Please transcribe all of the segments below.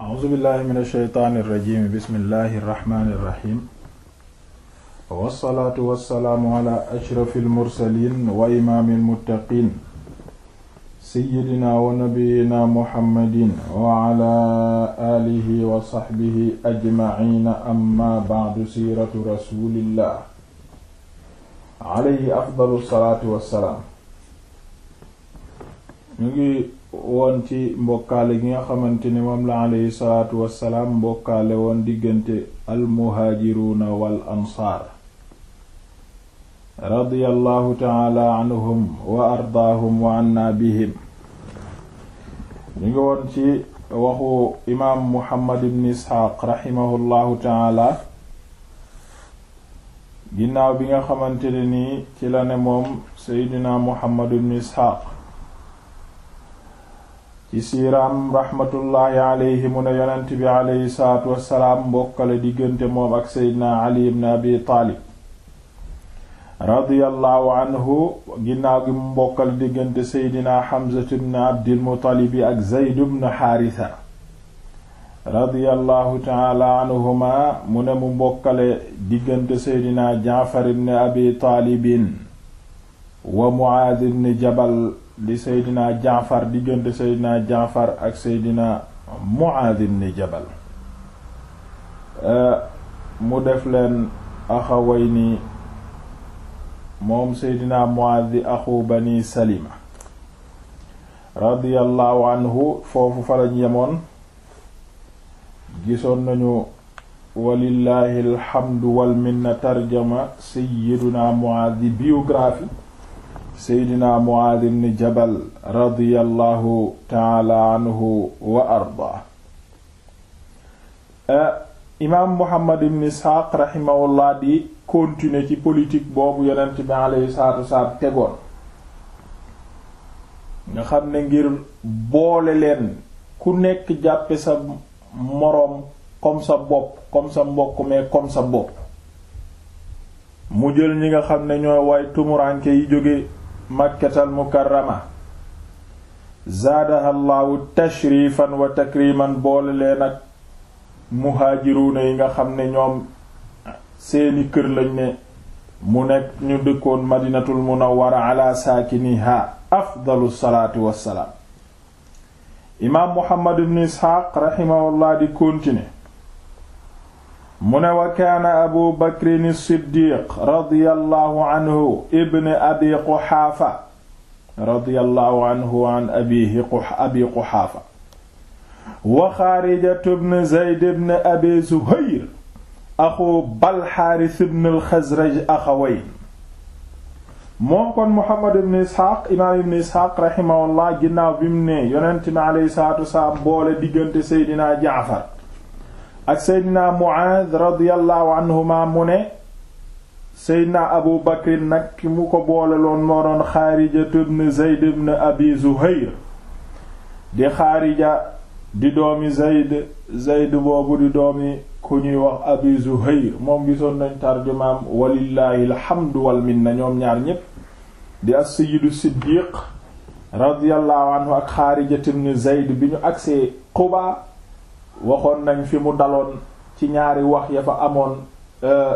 auzubillahi min asheytaani irrajimi bismillahi irrahmani irrahim wassalaatu wassalaamu ala ashrafi almursalin wa imaami almuttaqin seyidina wa nabiyina muhammadin wa ala alihi wa saxbihi ajmaciina amma bacdu siiratu rasulillah alayhi afdalu salaatu wassalaam ñu ngi won ci mbokkaale gi nga xamante ni moom la aleyhi salaatu wassalaam mbokkaale woon diggante almuhaajiruuna wal ansaar radiyallahu taala anhum wa ardaahum wa anna bihim ñu ngi woon ci waxu imaam muhammad ibn isxaaq raximahullahu taala ginnaaw bi nga xamante ne nii ci la ne moom seydina muhammad ibn isxaaq ci siiraam raxmatullaahi alayhi mu ne yonent bi alayhi salaatu wassalaam mbokkale diggante moom ak seydina ali ibn abi taalib radiyallahu anhu ginnaaw gi mu mbokkal diggante seydina Hamza ibn Abdil Muttalib ak Zayd ibn Haarisa radiyallahu ta'ala anhuma mu ne mu mbokkale diggante seydina Jaafar ibn Abi Taalibin wa Muaaz ibn Jabal di seydina jaafar diggante seydina jaafar ak seydina muaaz ibn jabal euh, mu def leen axaway ni moom seydina muaaz di axu bani salima radiyallahu anhu foofu fa yemoon gisoon nañu walillahi alhamdu walminna tarjama seydina muaaz di seydina Muaad ibn Jabal radiyallahu taala anhu wa arda eh, imaam Muhammad ibn Isxaaq raximahullah di continuer ci politik boobu yonent bi alayhi salaatu wasalaam tegoon nga xam ne ngir boole leen ku nekk jàppe sa moroom comme sa bopp comme sa mbokk mais comme sa bopp mu jël ñi nga xam ne ñooy waay tumuranke yi jóge makkatal mukarrama zaadaha llaahu tashrifan wa takriman boole leen ak muhaajiruuna yi nga xam ne ñoom seeni kër lañ ne mu nekk ñu dëkkoon madinatul munawwara ala saakiniha afdalu salaatu wassalaam imaam muhammad ibn isxaaq rahimahullah di continuer mu ne wa kaana abu bakrin siddiq radiyallahu anhu ibn abi quxaafa radiyallahu anhu an abihi abi quxaafa wa xaarijatu bn zayd bn abi zuhayr axu balxaaris bn alxasraj axawayn moom kon muhammad ibn isxaaq imaam ibn isxaaq raximahullah ginnaaw bi mu ne yonent mi aleyhi salaatu wasalaam boole diggante seydinaa jaafar ak na Muaaz radiyallahu anhuma mu ne na Abu Bakr nag ki mu ko booleloon moo doon Xaarija ibn Zayd ibn Abi Zuhayr di Xaarija di doomi Zayd Zayd boobu di doomi ku ñuy wax Abi Zuhayr moom gisoon nañ tarjumaam walillaahi alhamdu wal minna ñoom ñaar ñépp di as-Sayyidu Siddiq anhu ak Xaarija ibn Zayd bi ñu agsee Quba waxoon nañ fi mu daloon ci ñaari wax ya fa amoon euh,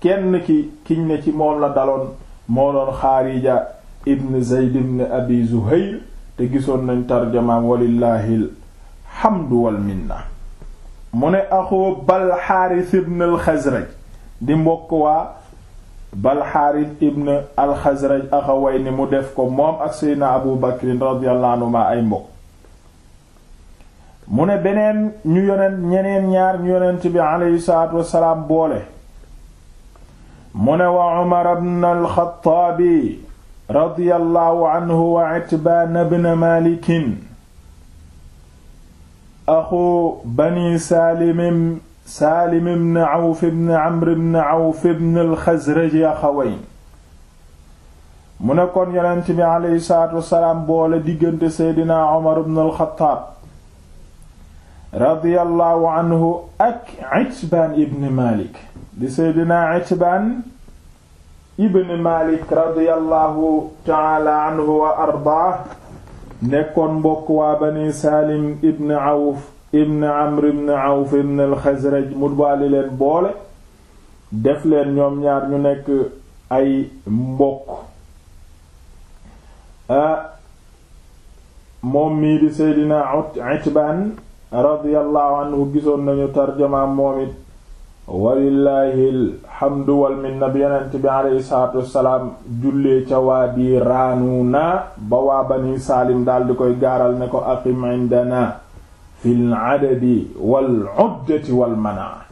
kenn ki kiñ ne ci moom la daloon moo doon xaarija ibn zeyd ibn abi zuhayr te gisoon nañ tarjamaam walillaahi alhamdu wal minna mu ne axu balxaaris ibn alxazraj di mbokk waa balxaaris ibn alxazraj axaway ni mu def ko moom ak seydna abu bakrin radiyallahu anhu ay mbokk mu ne beneen ñu yonent ñeneen ñaar ñu yonent bi aleyhi salaatu wassalaam boole mu ne wa Umar ibn al-Xattaabi radiyallahu anhu wa Itbaan ibn Maalikin axu bani Saalim Saalim ibn Awf ibn Amr ibn Awf ibn al-Xasraj axawayn mu ne kon yonent bi aleyhi salaatu wassalaam boole diggante Seydina Umar ibn al-Xattaab radiyallahu anhu ak Itbaan ibn Malik di seydina Itbaan ibn Malik radiyallahu taala anhu wa ardaa nekkoon mbokk waa bani Saalim ibn Awf ibn Amr ibn Awf ibn al-Xasraj mu baali leen boole def leen ñoom ñaar ñu nekk ay mbokk ah, moom mii di seydina Itbaan radiyallahu anhu gisoon nañu tarjamaam moom it walillaahi alhamdu wal minna bi yonent bi aleyhi wassalaam jullee ca waa di raanuuna ba waa bani saalim daal di koy gaaral ne ko aqim indana fil adadi wal uddati wal manaa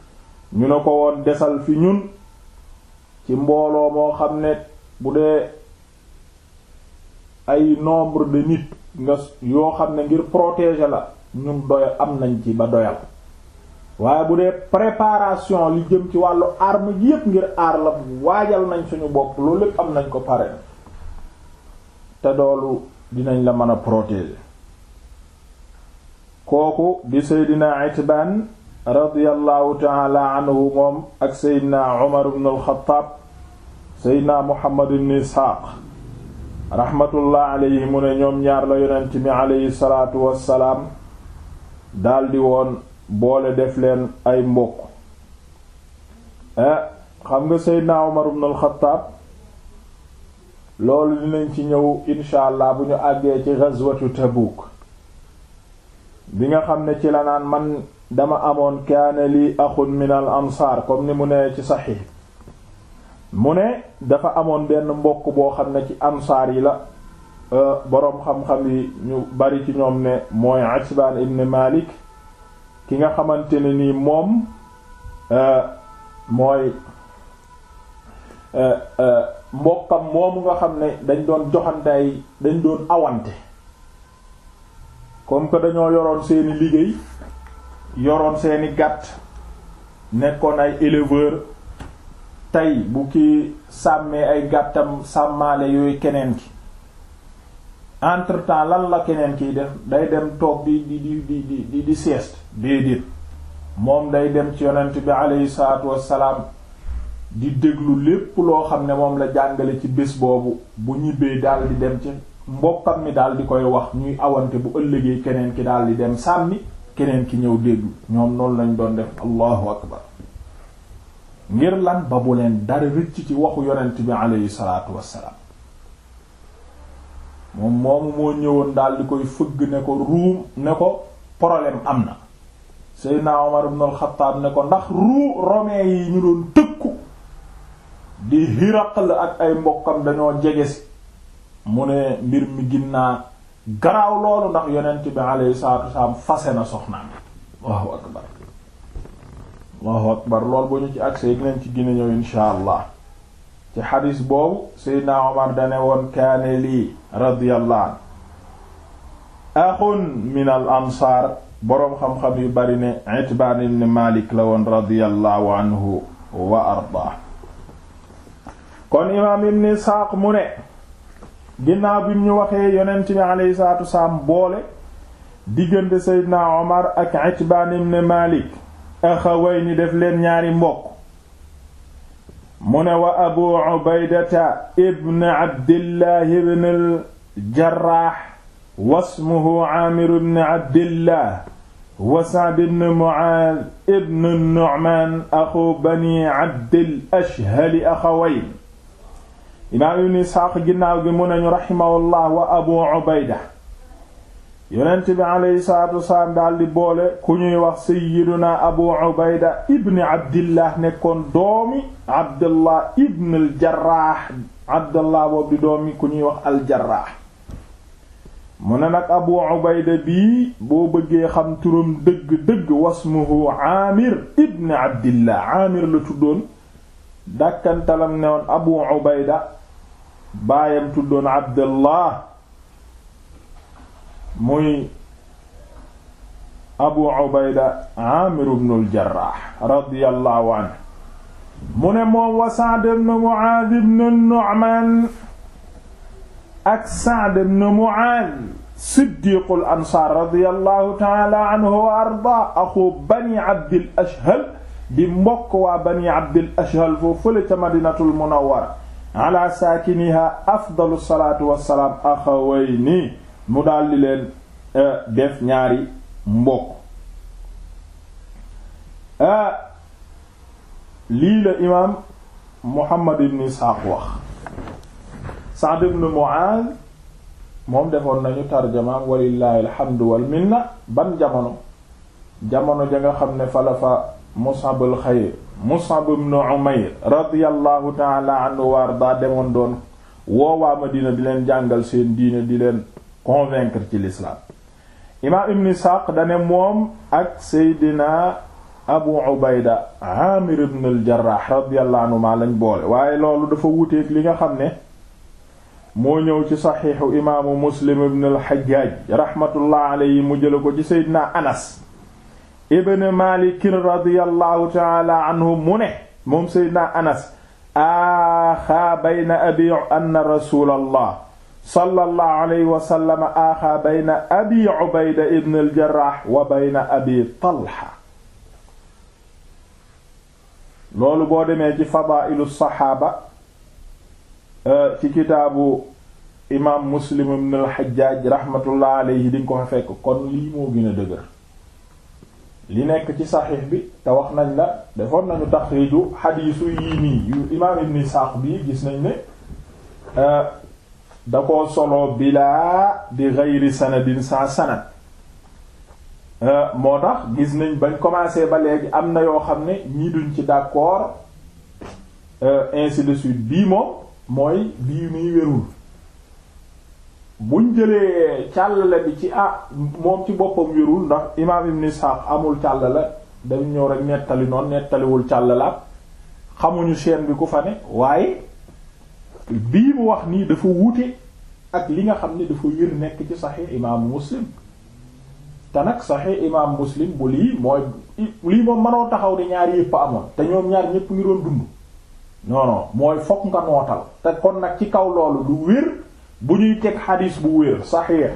ñu ne ko woon desal fi ñun ci mbooloo moo xam ne bu dee ay nombre de nit yoo xam ne ngir protéger la ñun doyal am nañ ci ba doyal waaye bu dee préparation li jëm ci wàllu arme ji yépp ngir aar la waajal nañ suñu bokk loolu lépp am nañ ko pare te doolu dinañ la mën a protéger kooku di seydina itbaan radiallahu taala anhu moom ak seydina umar ibn al-Khattab seydina muhammad ibn isxaaq rahmatullah alayhi mu ne ñoom ñaar la yonent mi alayhi salaatu wassalaam daldi woon boole def leen ay mbokk eh, xam nga Seydina Umar ibn al-Khattab loolu dinañ ci ñëw insha allah bu ñu àggee ci ghazwatu Tabuk bi nga xam ne ci la naan man dama amoon kaane lii axun min al ansaar ni mu ne ci saxiix mu ne dafa amoon benn mbokk boo xam ne ci ansaar yi la Euh, boroom xam-xam yi ñu bari ci ñoom ne mooy Atbaan ibn Malik ki nga xamante ne nii moom euh, mooy euh, mbokkam moomu nga xam ne dañ doon joxante ay dañ doon awante comme que dañoo yoroon seeni liggéey yoroon seeni gàtt nekkoon ay éleveur tey bu ki sàmmee ay gàttam sàmmaale yooyu keneen ki entre temps lan la keneen kiy def day dem toog di di di di di di sieste déedéet moom day dem ci yonent bi aleyhi salaatu wassalaam di déglu lépp loo xam ne moom la jàngale ci bés boobu bu ñibbee daal di dem ci mbokkam mi daal di koy wax ñuy awante bu ëllëgee keneen ki daal di dem sàmmi keneen ki ñëw déglu ñoom noonu lañ doon def allahu akbar ngir lan ba bu leen dara rëcc ci waxu yonent bi aleyhi salaatu wassalaam moom moomu moo ñëwoon daal di koy fëgg ne ko ruum ne ko problème am na Seydina Omar ibn al-Khattab ne ko ndax ruu romain yi ñu doon tëkku di Hiraql ak ay mbokkam dañoo jege si mu ne mbir mi gin naa garaaw loolu ndax yonent bi alayhi salaatu wasalaam fase na soxnaam Allahu akbar Allahu akbar loolu boo ñu ci accès yi ci gën a ñëw insha Allah ci xadis boobu Seydina Omar dane woon kaane lii radiyallahu an axun min al ansaar boroom xam-xam yu bari ne Itbaan ibn Malik la woon radiyallahu anhu wa ardaa kon imaam ibn Isxaaq mu ne ginnaaw bi ñu waxee yonent bi alayhi salaatu wasalaam boole diggante Seydina Omar ak Itbaan ibn Malik axawayni def leen ñaari mbokk mu ne wa abu ubaydata ibn abdillah ibn al-jarraax wasmuhu aamir ibn abdillah wa sa'd ibn mu'aaz ibn nu'maan axu bani abdil ashhali axawayn imaam ibn isxaaq ginnaaw gi mu nañu raximahu llah wa abu ubayda yonent bi aleyhi salaatu wasalaam daal boole ku ñuy wax sayyiduna abu ubayda ibn abdillah nekkoon doomi abdullah ibn al jarraax boobu doomi ku ñuy wax al jarraax mu ne nag abu ubayda bii boo bëggee xam turam dëgg-dëgg wasmuhu aamir ibn abdillah aamir la tuddoon dàkkantalam ne woon abu ubayda baayam tuddoon abdullah muy abu ubayda amir ibnul jarrah radiyallahu anhu mu ne moom wa sa'd ibn mu'adh ibn nu'man ak sa'd ibn mu'adh siddiqul ansaar radiyallahu ta'ala anhu wa arda axu bani abdil ashhal di mbokk waa bani abdil ashhal foofu fële ca madinatul munawwara ala saakiniha afdalu salaatu wassalaam axawayni mu daldi leen eh, def ñaari mbokk eh, lii la imaam Muhammad ibn Isxaaq wax Sa'd ibn Mu'aaz moom defoon nañu tarjamaam walillaahi alhamdu wal ban jamono jamono ja nga xam ne fala fa Mus'ab al-Xayr Mus'ab ibn Umayr radiyallahu ta'ala anhu wa arda demoon doon woowaa Madina di leen jàngal seen diine di leen convaincre ci l'islam imaam ibn Isxaaq dane moom ak seydina abu ubayda amir ibn al jarrah radiyallahu anhu ma lañ boole waaye loolu dafa wuteek li nga xam ne moo ñëw ci saxiixu imaamu muslim ibn al xajjaaj raxmatullah alayhi mu jële ko ci seydina anas ibn malikin radiyallahu taala anhu mu ne moom seydina anas aaxaa bayna abi anna rasulallah sallallahu alayhi wa sallam aaxaa bayna abi ubayda ibn al jarraax wa bayna abi talha loolu boo demee ci fadaa'ilu saxaaba euh, ci kitaabu imaam muslim ibn al xajjaaj raxmatullah alayhi di ko fa fekk kon lii moo gën dëgër li nekk ci saxiix bi te wax nañ la defoon nañu taxriiju xadiisu yii nii yu imaam ibn isxaaq bii gis nañ ni da ko solo bilaa bi geyri sanadin sa sanad euh, moo tax gis nañ bañ commencé ba léegi am na yoo xam ne ñii duñ ci d'accord euh, ainsi de suite bii moom mooy bii muy wérul buñ jëlee càllale bi ci ah moom ci boppam wérul ndax imaam ibn Ishaq amul la dañ ñëw rek nettali noonu nettaliwul càllalaat xamuñu chaîne bi ku fa ne waaye bii mu wax nii dafa wute ak li nga xam ne dafa wér nekk ci saxiix imaamu muslim te nag saxiix imaam muslim bu lii mooy lii moom mënoo taxaw ne ñaar yëpp amoon te ñoom ñaar ñëpp ngiroon dund non mooy fokk nga nootal te kon nag ci kaw loolu lu wér bu ñuy teg xadiis bu wér saxiix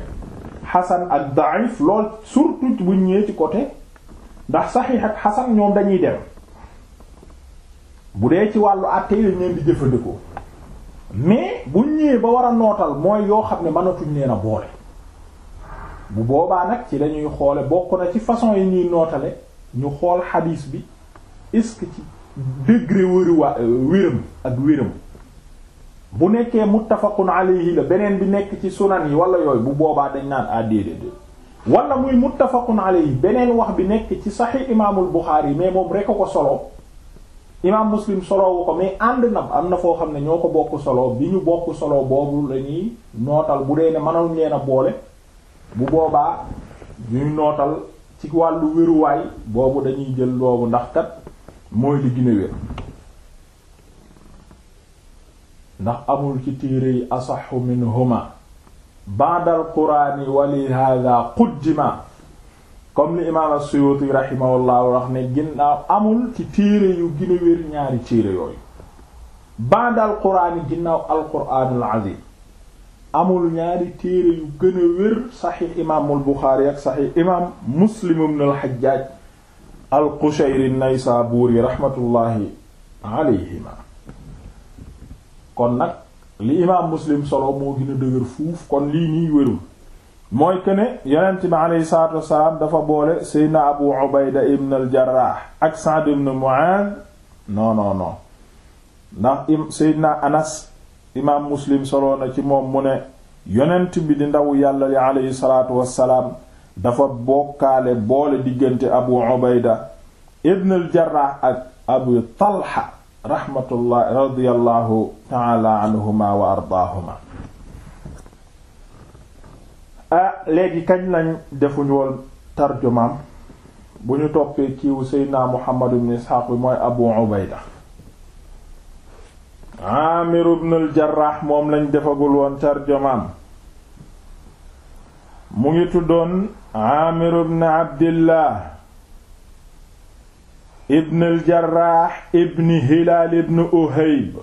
xasan ak daif lool surtout bu ñëwee ci côté ndax saxiix ak xasan ñoom dañuy dem bu dee ci wàllu àtte yi dañ di jëfandikoo. mais bu ñëwee ba war a nootal mooy yoo xam ne mënatuñ leen a boole bu boobaa nag ci lañuy xoole bokk na ci façon yi ñuy nootale ñu xool xadiis bi est-ce que ci degré wëriwaa euh, wéram ak wéram bu nekkee muttafaqun alayhi la beneen bi nekk ci sunan yi wala yooyu bu boobaa dañ naan àddéedéed ah, wala muy muttafaqun yi beneen wax bi nekk ci saxi imaamul yi mais moom rek ko solo imaam muslim solowu ko mais ànd na am na foo xam ne ñoo ko bokk solo bi ñu bokk solo boobu la ñuy nootal bu dee ne mënoon leen a boole bu boobaa ñuy nootal ci wàllu wéruwaay boobu dañuy jël loobu ndax kat mooy li gën wér ndax amul ci téere yi asaxu minhuma ba'da al qur'ani wa li hadha quddima comme li imaam as-Suyuti rahimahullah wax ne ginnaaw amul ci téere yu gën a wér ñaari téere yooyu ba'da al ginnaaw al-Qur'aanul azim amul ñaari téere yu gën a wér saxiix imaamul Buxaari ak saxiix imaam Muslim ibn al al-Qushayri an-Naysaburi rahmatullahi alayhima kon nag li imaam Muslim solo moo gën a dëgër fuuf kon lii nii wérul mooy que ne yonent bi dafa boole seydna abu ubayda ibn al ak sa'd ibn mu'adh non non non ndax seydna anas imaam muslim soloo ci moom mu ne yonent bi di ndaw yàlla li aleyhi salaatu wasalaam dafa bokkaale boole diggante abu ubayda ibn al ak abu talha rahmatullah radiyallahu taala wa ardaahuma ah léegi kañ lañ defuñu woon tarjumaam bu ñu toppee kiiwu seydna muhammad ibn isxaaq bi mooy abu ubayda amir ibn al moom lañ defagul woon tarjumaam mu ngi tuddoon amir ibn abdillah ibn al jarrah hilaal ibn uhayb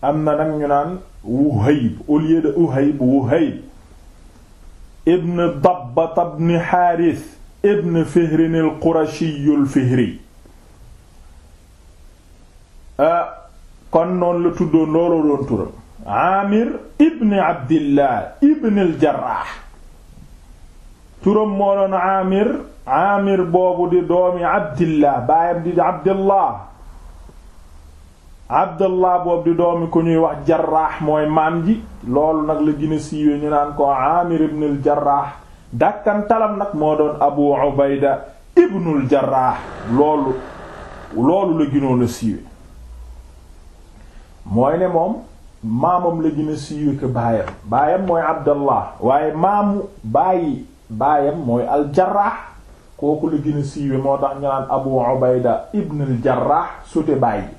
am na nag ñu naan wuhayb au uhayb wuhayb ibn dabbata ibn xaaris ibn fihrin al qurashiyu al fihri ah, kon noonu la tuddoon looloo doon turam amir ibn abdillah ibn al jarrah turam moo doon amir amir boobu di doomi abdillah baayam di abdillah abdullah boobu di doomi ku ñuy wax jarraax mooy maam ji loolu nag la gën a siiwe ñu naan ko amir ibnul jarraax dàkkantalam nag moo doon abu ubayda ibnul jarraax loolu loolu la gënoon a siiwe mooy ne moom maamam la gën siiwe ko baayam baayam mooy abdallah waaye maamu bàyyi baayam mooy aljarraax kooku la gën a siiwe moo tax ñu naan abu ubayda ibnul jarraax sute bàyyi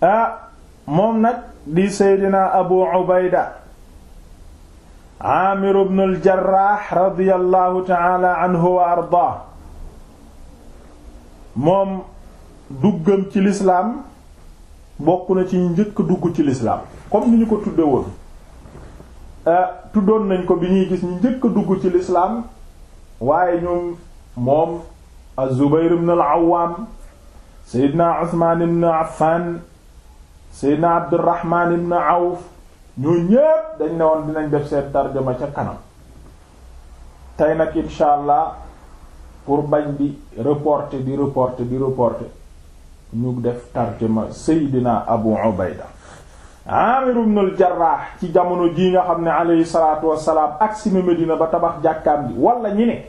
Ah, moom nag di seydina abu ubayda aamir ibn al jarrah radiyallahu anhu wa ardaa moom duggam ci lislaam bokk na ci njëkk dugg ci lislaam comme ni ñu ko tudde woon ah, tuddoon nañ ko bi ñuy gis njëkk dugg ci lislaam waaye ñoom moom az-Zubayr ibn al Seydina Usmaan ibn Affan seydna abdurrahman ibn auf ñoo ñépp dañ ne woon dinañ def seet tarjuma ca kanam tey nag insha allah pour bañ bi reporter di reporter di reporter ñu def tarjuma seydina abu ubayda amir ibn al ci jamono ji nga xam ne aleyhi salatu wasalaam ak sinu medina ba tabax jàkkaam bi wala ñi ne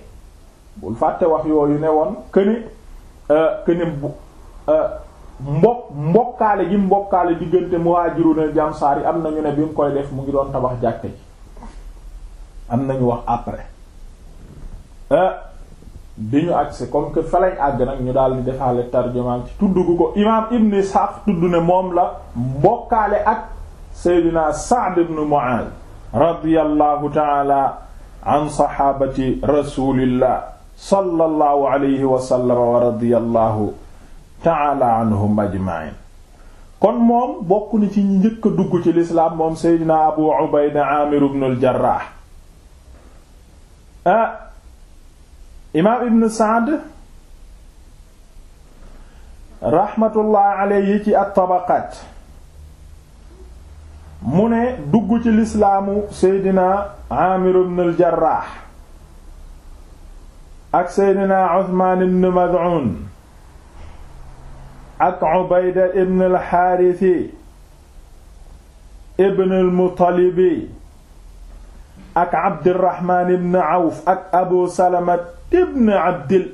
bul fàtte wax yooyu ne woon këni këni euh, bu euh, mbokk mbokkaale gi mbokkaale diggante muhajiruna jamsaar yi am nañu ne bi mu koy def mu ngi doon tabax jàkk ji am nañu wax après euh, bi ñu agsi comme que fa àgg nag ñu daal di defaale tarjumaan ci tudd gu ko imaam Ibn Isxaaq tudd ne moom la mbokkaale ak Seydina Sa'd ibn Mu'aaz radiyallahu taala an saxaabati rasulillah sallallahu alayhi wa wa radiyallahu taala anhum ajma'in kon moom bokk ni ci njëkk a dugg ci lislaam moom seydina abu ubayda amir ibn al ah, imaam ibn saad rahmatullah alayhi ci at-tabaqaat mu ne dugg ci lislaamu seydina amir ibn al ak seydina uthman ibn mad'un ak Ubayda ibn al-Haarisi ibn al-Muttalibi ak Abdurrahmaan ibn Awf ak Abu Salama ibn Abdil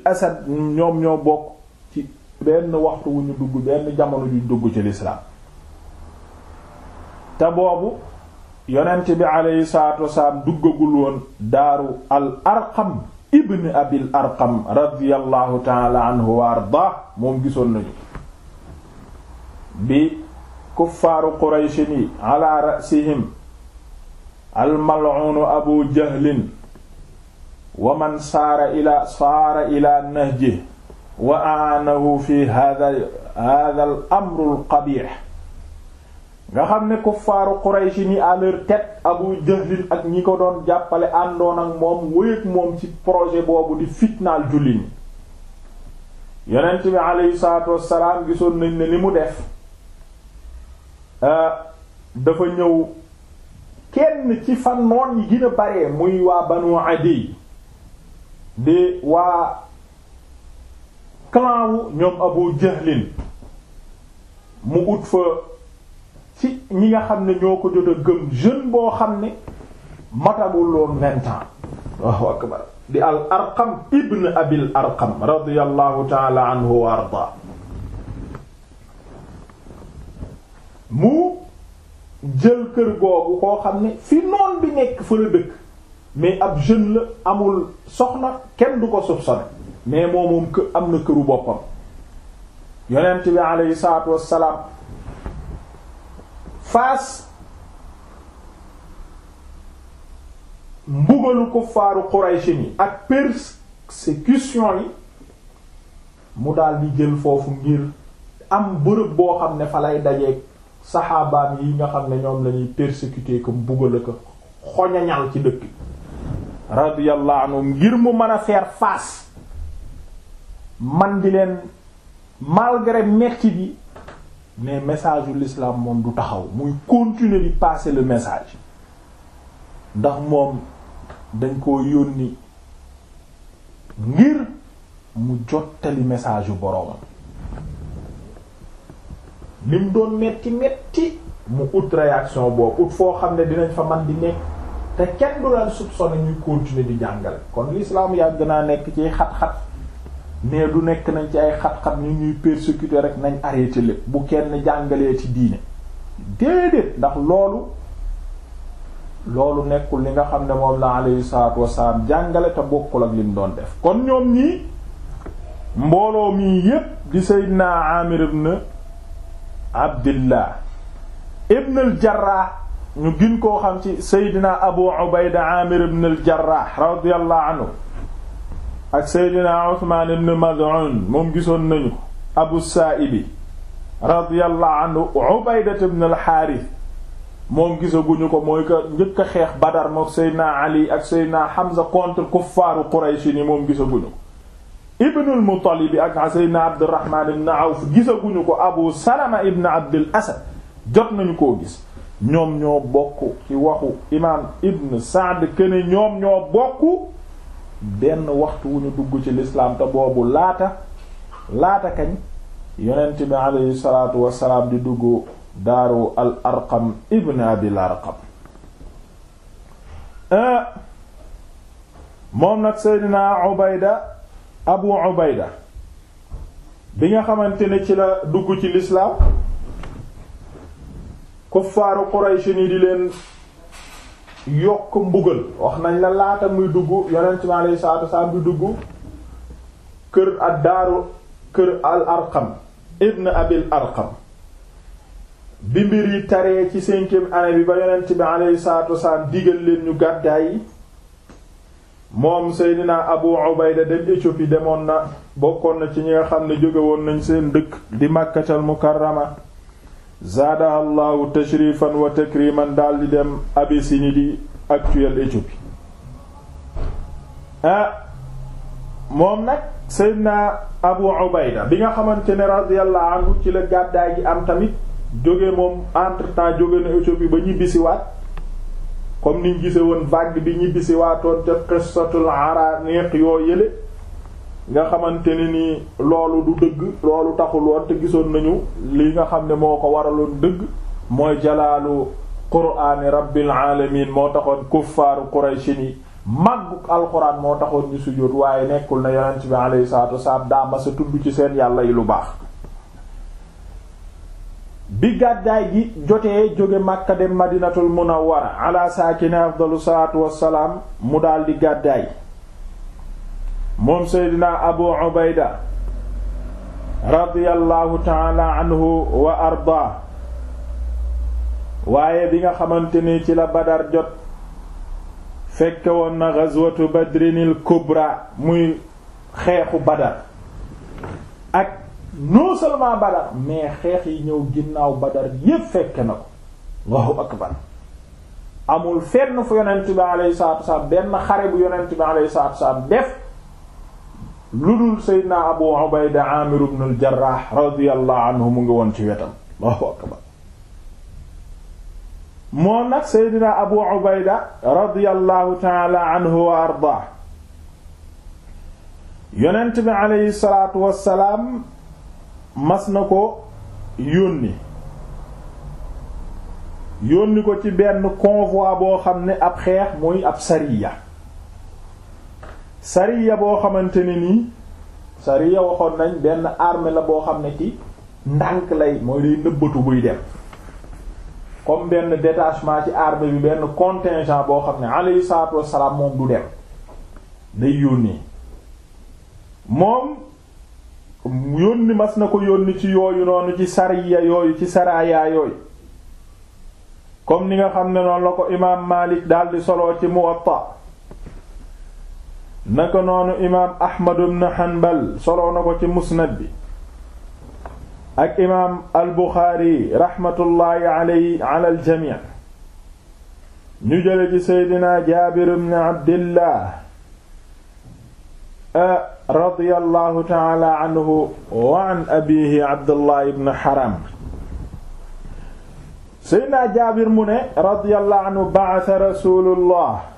ñoom ñoo bokk ci benn waxtu wu ñu dugg benn jamono ju dugg ci lislaam te boobu yonent bi aleyhi salaatu wasalaam duggagul woon daaru al arqam ibn abil radiallahu taala anhu wa ardaa moom gisoon nañu bi kuffaaru qurayshin yi ala rasihim almal'uunu abu jahlin nga xam ne kuffaaru qurayshi ni à leur abu jahlin ak ñi ko doon jàppale àndoon moom wéeg moom ci projet boobu di fitnaal julli ñi yonent bi salaatu wassalaam gisoon nañ ne li mu def Euh, dafa ñëw kenn ci fan noon yi gën a muy waa banu adi di waa clan ñoom abu jahlin mu ut fa ci ñi nga xam ne ñoo ko jot a gëm jeune boo xam ne matagul woon vingt ans waaw akbar di al arqam ibn abil arqam radiyallahu ta'ala anhu wa arda mu jël kër googu koo xam ne fi noon bi nekk fa la dëkk mais ab jeune la amul soxna kenn du ko soupçonné mais moom moom am na këru boppam yonent bi aleyhi salaatu wassalaam fas mbugalu ko faaru Quraysh ni ak persécution yi mu daal di jël foofu ngir am bërëb boo xam ne fa lay dajeek saxaabaam yi nga xam ne ñoom lañuy persécuter ko buggal ko xoñañal ci dëkk radiyallahu anhum ngir mu mën a faire face man di leen malgré metti bi mais message yu l'islam moom du taxaw muy continuer di passer le message ndax moom dañ koo yónni ngir mu jottali message yu boroomam ni doon metti metti mu ut réaction boobu ut foo xam ne dinañ fa man di nekk te kenn du leen soupçonné ñuy continuer di jàngale kon l'islam yàgg naa nekk ci xat-xat mais du nekk nañ ci ay xat-xat ñu ñuy persécuter rek nañ arrêté lépp bu kenn jàngalee ci diine déedéet ndax loolu loolu nekkul li nga xam ne moom la alayhi salaatu wasalaam jàngale te bokkul ak lim doon def kon ñoom ñii mbooloo mii yépp di Seydina Amir na abdillah ibn al jarrah ñu gën koo xam ci seydina abu ubayda amir ibn al jarrah radiyallahu anhu ak seydina usman ibn mad'un moom gisoon nañu abu saaibi radiyallahu anhu ubayda ibn al xaaris moom gisaguñu ko mooy que njëkk a xeex badar mook seydina ali ak seydina hamza contre kuffaaru qurayshi ni moom gisaguñu ko ibnul Muttalib ak Seydina Abdurrahman ibn Awf gisaguñu ko Abu Salama ibn Abdul Asad jot nañu koo gis ñoom ñoo bokk ci waxu imaam Ibn Saad këne ñoom ñoo bokk benn waxtu wu ñu dugg ci lislaam te boobu laata laata kañ yonent bi aleyhi salaatu wassalaam di dugg daaru al Arqam ibn Abil Arqam eh, moom nag Seydina Ubayda abu ubayda bi nga xamante ni ci la dugg ci lislaam kuffaaru quraysh ni di leen yokk mbugal wax nañ la laata muy dugg yonent mi alayhi salaatu wasalaam bi dugg kër ad daaru kër al arqam ibn abil arqam bi mbir yi taree ci cinquième année bi ba yonent bi alayhi salaatu wasalaam digal leen ñu gàddaay yi moom Seydina Abu Ubayda dem Éthiopie demoon na bokkoon na ci ñi nga xam ne jóge woon nañu seen dëkk di Makkatal Mukarrama zaadaha Allahu tashrifan wa takriman daldi dem Abyssinie di actuelle Éthiopie ah moom nag Seydina Abu Ubayda bi nga xamante ne radiyallahu anhu ci la gàddaay gi am tamit jóge moom entre temps jóge na Éthiopie ba ñibbisiwaat comme niñ gise woon vague bi ñibbisi waatoon te qissatul araaniq yoo yële nga xamante ne ni loolu du dëgg loolu taxul woon te gisoon nañu li nga xam ne moo ko waraloon dëgg mooy jalaalu quraani rabbil alamin moo taxoon kuffaaru quraysin yi màgguk alquran moo taxoon ñu sujjóot waaye nekkul na yonent bi alayhi salatu wasalaam daa masa tudd ci seen yàlla yi lu baax bi gàddaay gi jote jóge Makka dem Madinatul Munawwara ala mu daldi gàddaay moom Seydina Abu Ubayda radiyallahu taala anhu wa ardaa waaye bi nga xamante ni ci la Badar jot fekke woon na ghazwatu Badrinil Kubra muy xeexu Badar non seulement Badar mais xeex yi ñëw ginnaaw Badar yépp fekke na ko Allahu akbar amul fenn fu yonent bi alayhi salaatu wasalaam benn xare bu yonent bi alayhi salaatu wasalaam def lu dul Seydina Abu Ubayda Aamir ibn al-Jarrah anhu mu ngi woon ci wetam Allahu akbar moom nag Seydina Abu Ubayda radiyallahu ta'ala anhu wa ardaa yonent bi alayhi salaatu wasalaam mas na ko yónni yónni ko ci benn convoi boo xam ne ab xeex muy ab sariya sariya boo xamante ne nii sariya waxoon nañ benn armée la boo xam ne ci ndànk lay mooy day nëbbatu buy dem comme benn détachement ci armée bi benn contingent boo xam ne alayhi salaatu wassalaam moom du dem day yónnee moom yónni mas na ko yónni ci yooyu noonu ci sariya yooyu ci saraayaa yooyu comme ni nga xam ne noonu la ko imaam Maalik daldi solo ci Muwatta naka noonu imaam Ahmad ibn Hanbal soloo na ko ci musnad bi ak imaam al Buxaari raxmatullaahi alayhi al jamii ñu jële ci seydina Jaabir ibn Abdillah radiyallahu taala anhu wa an abihi abdullah ibn haram seydna jaabir mu ne radiyallahu anhu ba'atha rasulullah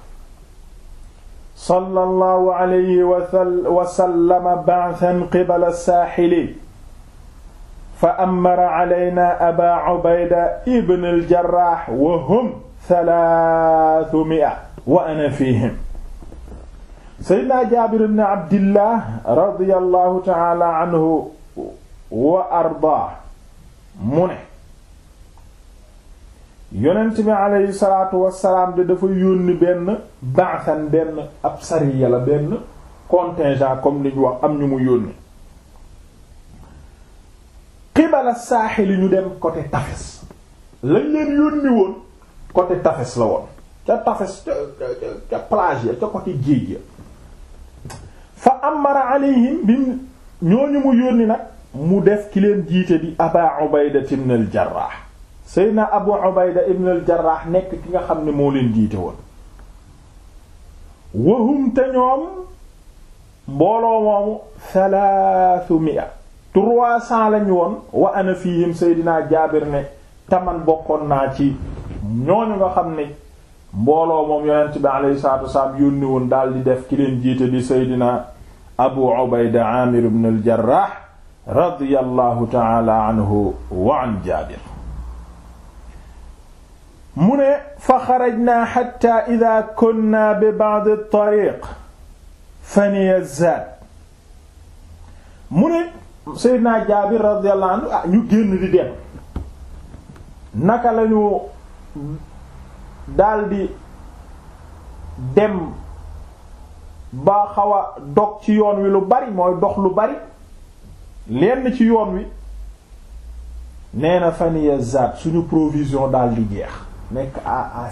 sallallahu alayhi wa sallam ba'than qibala as-saahili fa ammara alayna aba ubayda ibn al-jarrah wa hum thalaathumi'a wa ana fihim seydna jaabir ibn abdillah radiallahu taala anhu wa ardaa mu ne yonent bi aleyhi salaatu wasalaam de dafa yónni benn baasan benn ab sariya la benn contingent comme li ñu wax am ñu mu yónni xibala saaxili ñu dem côté tafes lañ leen yónni woon côté tafes la woon ca tafes ca ca plage ya ca côté géej ya fa amara alayhim bi ñooñu mu yónni nag mu def ki leen jiite di aba ubayda ibn al jarrah seydna abu ubayda ibn al jarrah nekk ki nga xam ne moo leen jiite woon wahum te ñoom mbooloo moomu thalathu mi'a trois cents lañ woon wa ana fihim seydina jaabir ne taman bokkoon naa ci ñooñu nga xam ne mbooloo moom yonent bi alayhi salaatu wasalaam yónni woon daal di def ki leen jiite di seydina abu ubayda aamir ibn al jarraax radiyallahu taala anhu wa an jaabir mu ne fa xarajnaa xatta ida kunna bi ba'd at-tariiq faniya zaad mu ne seydina jaabir radiyallahu anhu ah ñu génn di dem naka lañu daldi dem ba xaw dog ci yoon wi lu bari mooy dox lu bari lenn ci yoon wi nee na faniya zat suñu provision daldi jeex nekk à à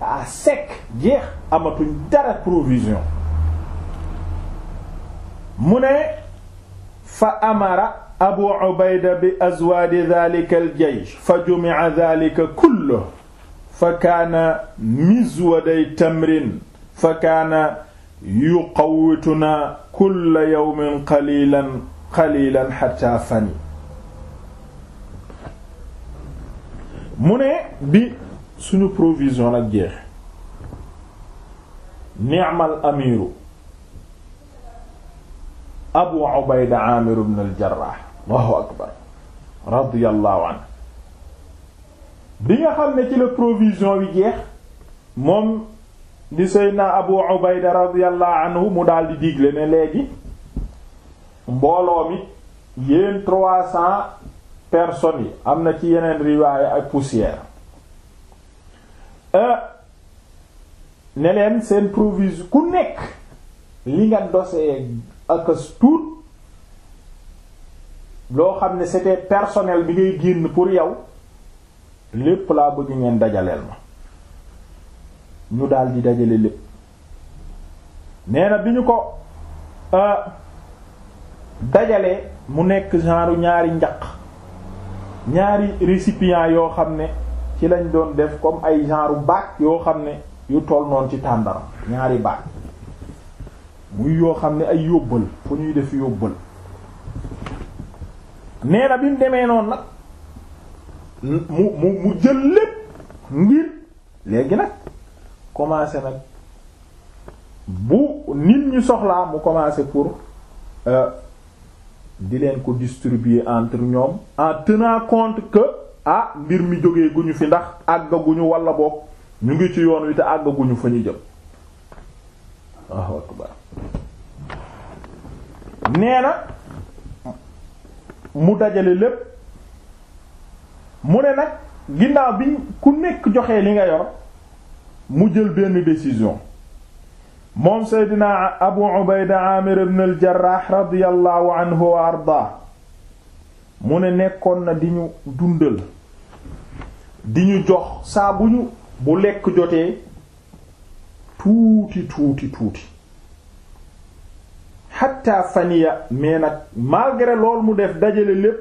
à jeex amatuñ dara provision mu ne fa amar abu ubayda bi azwaadi dhalika al jaysh fa jumi'a dhalika kulluhu fa kaana mizwaday tamrin fa kaana yuqawwitunaa kulla yawmin qalilan qalilan hatta fani mu ne bi suñu provision nag jeex ni'mal amiru abu ubayda aamir ibn al jarrah allahu akbar radiyallahu anhu bi nga xam ne ci la provision bi jeex moom di Seydina Abu Ubayda radiyallahu anhu mu daal di digle ne léegi mbooloo mi yéen trois cents personnes yi am na ci yeneen riwaaya ak poussière euh, ne leen seen provision ku nekk li nga dosee ak tuut loo xam ne c'était personnel bi ngay génn pour yow lépp laa bëgg ngeen dajaleel ma ñu daal di dajale lépp neena bi ñu ko euh, dajale mu nekk genre ñaari njaq ñaari récipient yoo xam ne ci lañ doon def comme ay genre bac yoo xam ne yu toll noonu ci tàndara ñaari bac muy yoo xam ne ay yóbbal fu ñuy def yóbbal nee bi mu demee noonu nag mu mu mu jël lépp ngir léegi nag commencé nag bu nit ñu soxlaa mu commencé pour euh, di leen ko distribuer entre ñoom en tenant compte que ah mbir mi jógee guñu fi ndax àggaguñu walla boog ñu ngi ci yoon wi te àggaguñu fa ñu jëm waaw nee na mu dajale lépp mu ne nag ginnaaw bi ku nekk joxe li nga yor mu jël benn décision moom seydina abu ubayda amir ibn al jarrah radiyallahu anhu ardaa mu ne nekkoon na di ñu dundal di ñu jox saabuñu bu ñu bu lekk jotee tuuti tuuti tuuti xatta faniya mais nag malgré lool mu def dajale lépp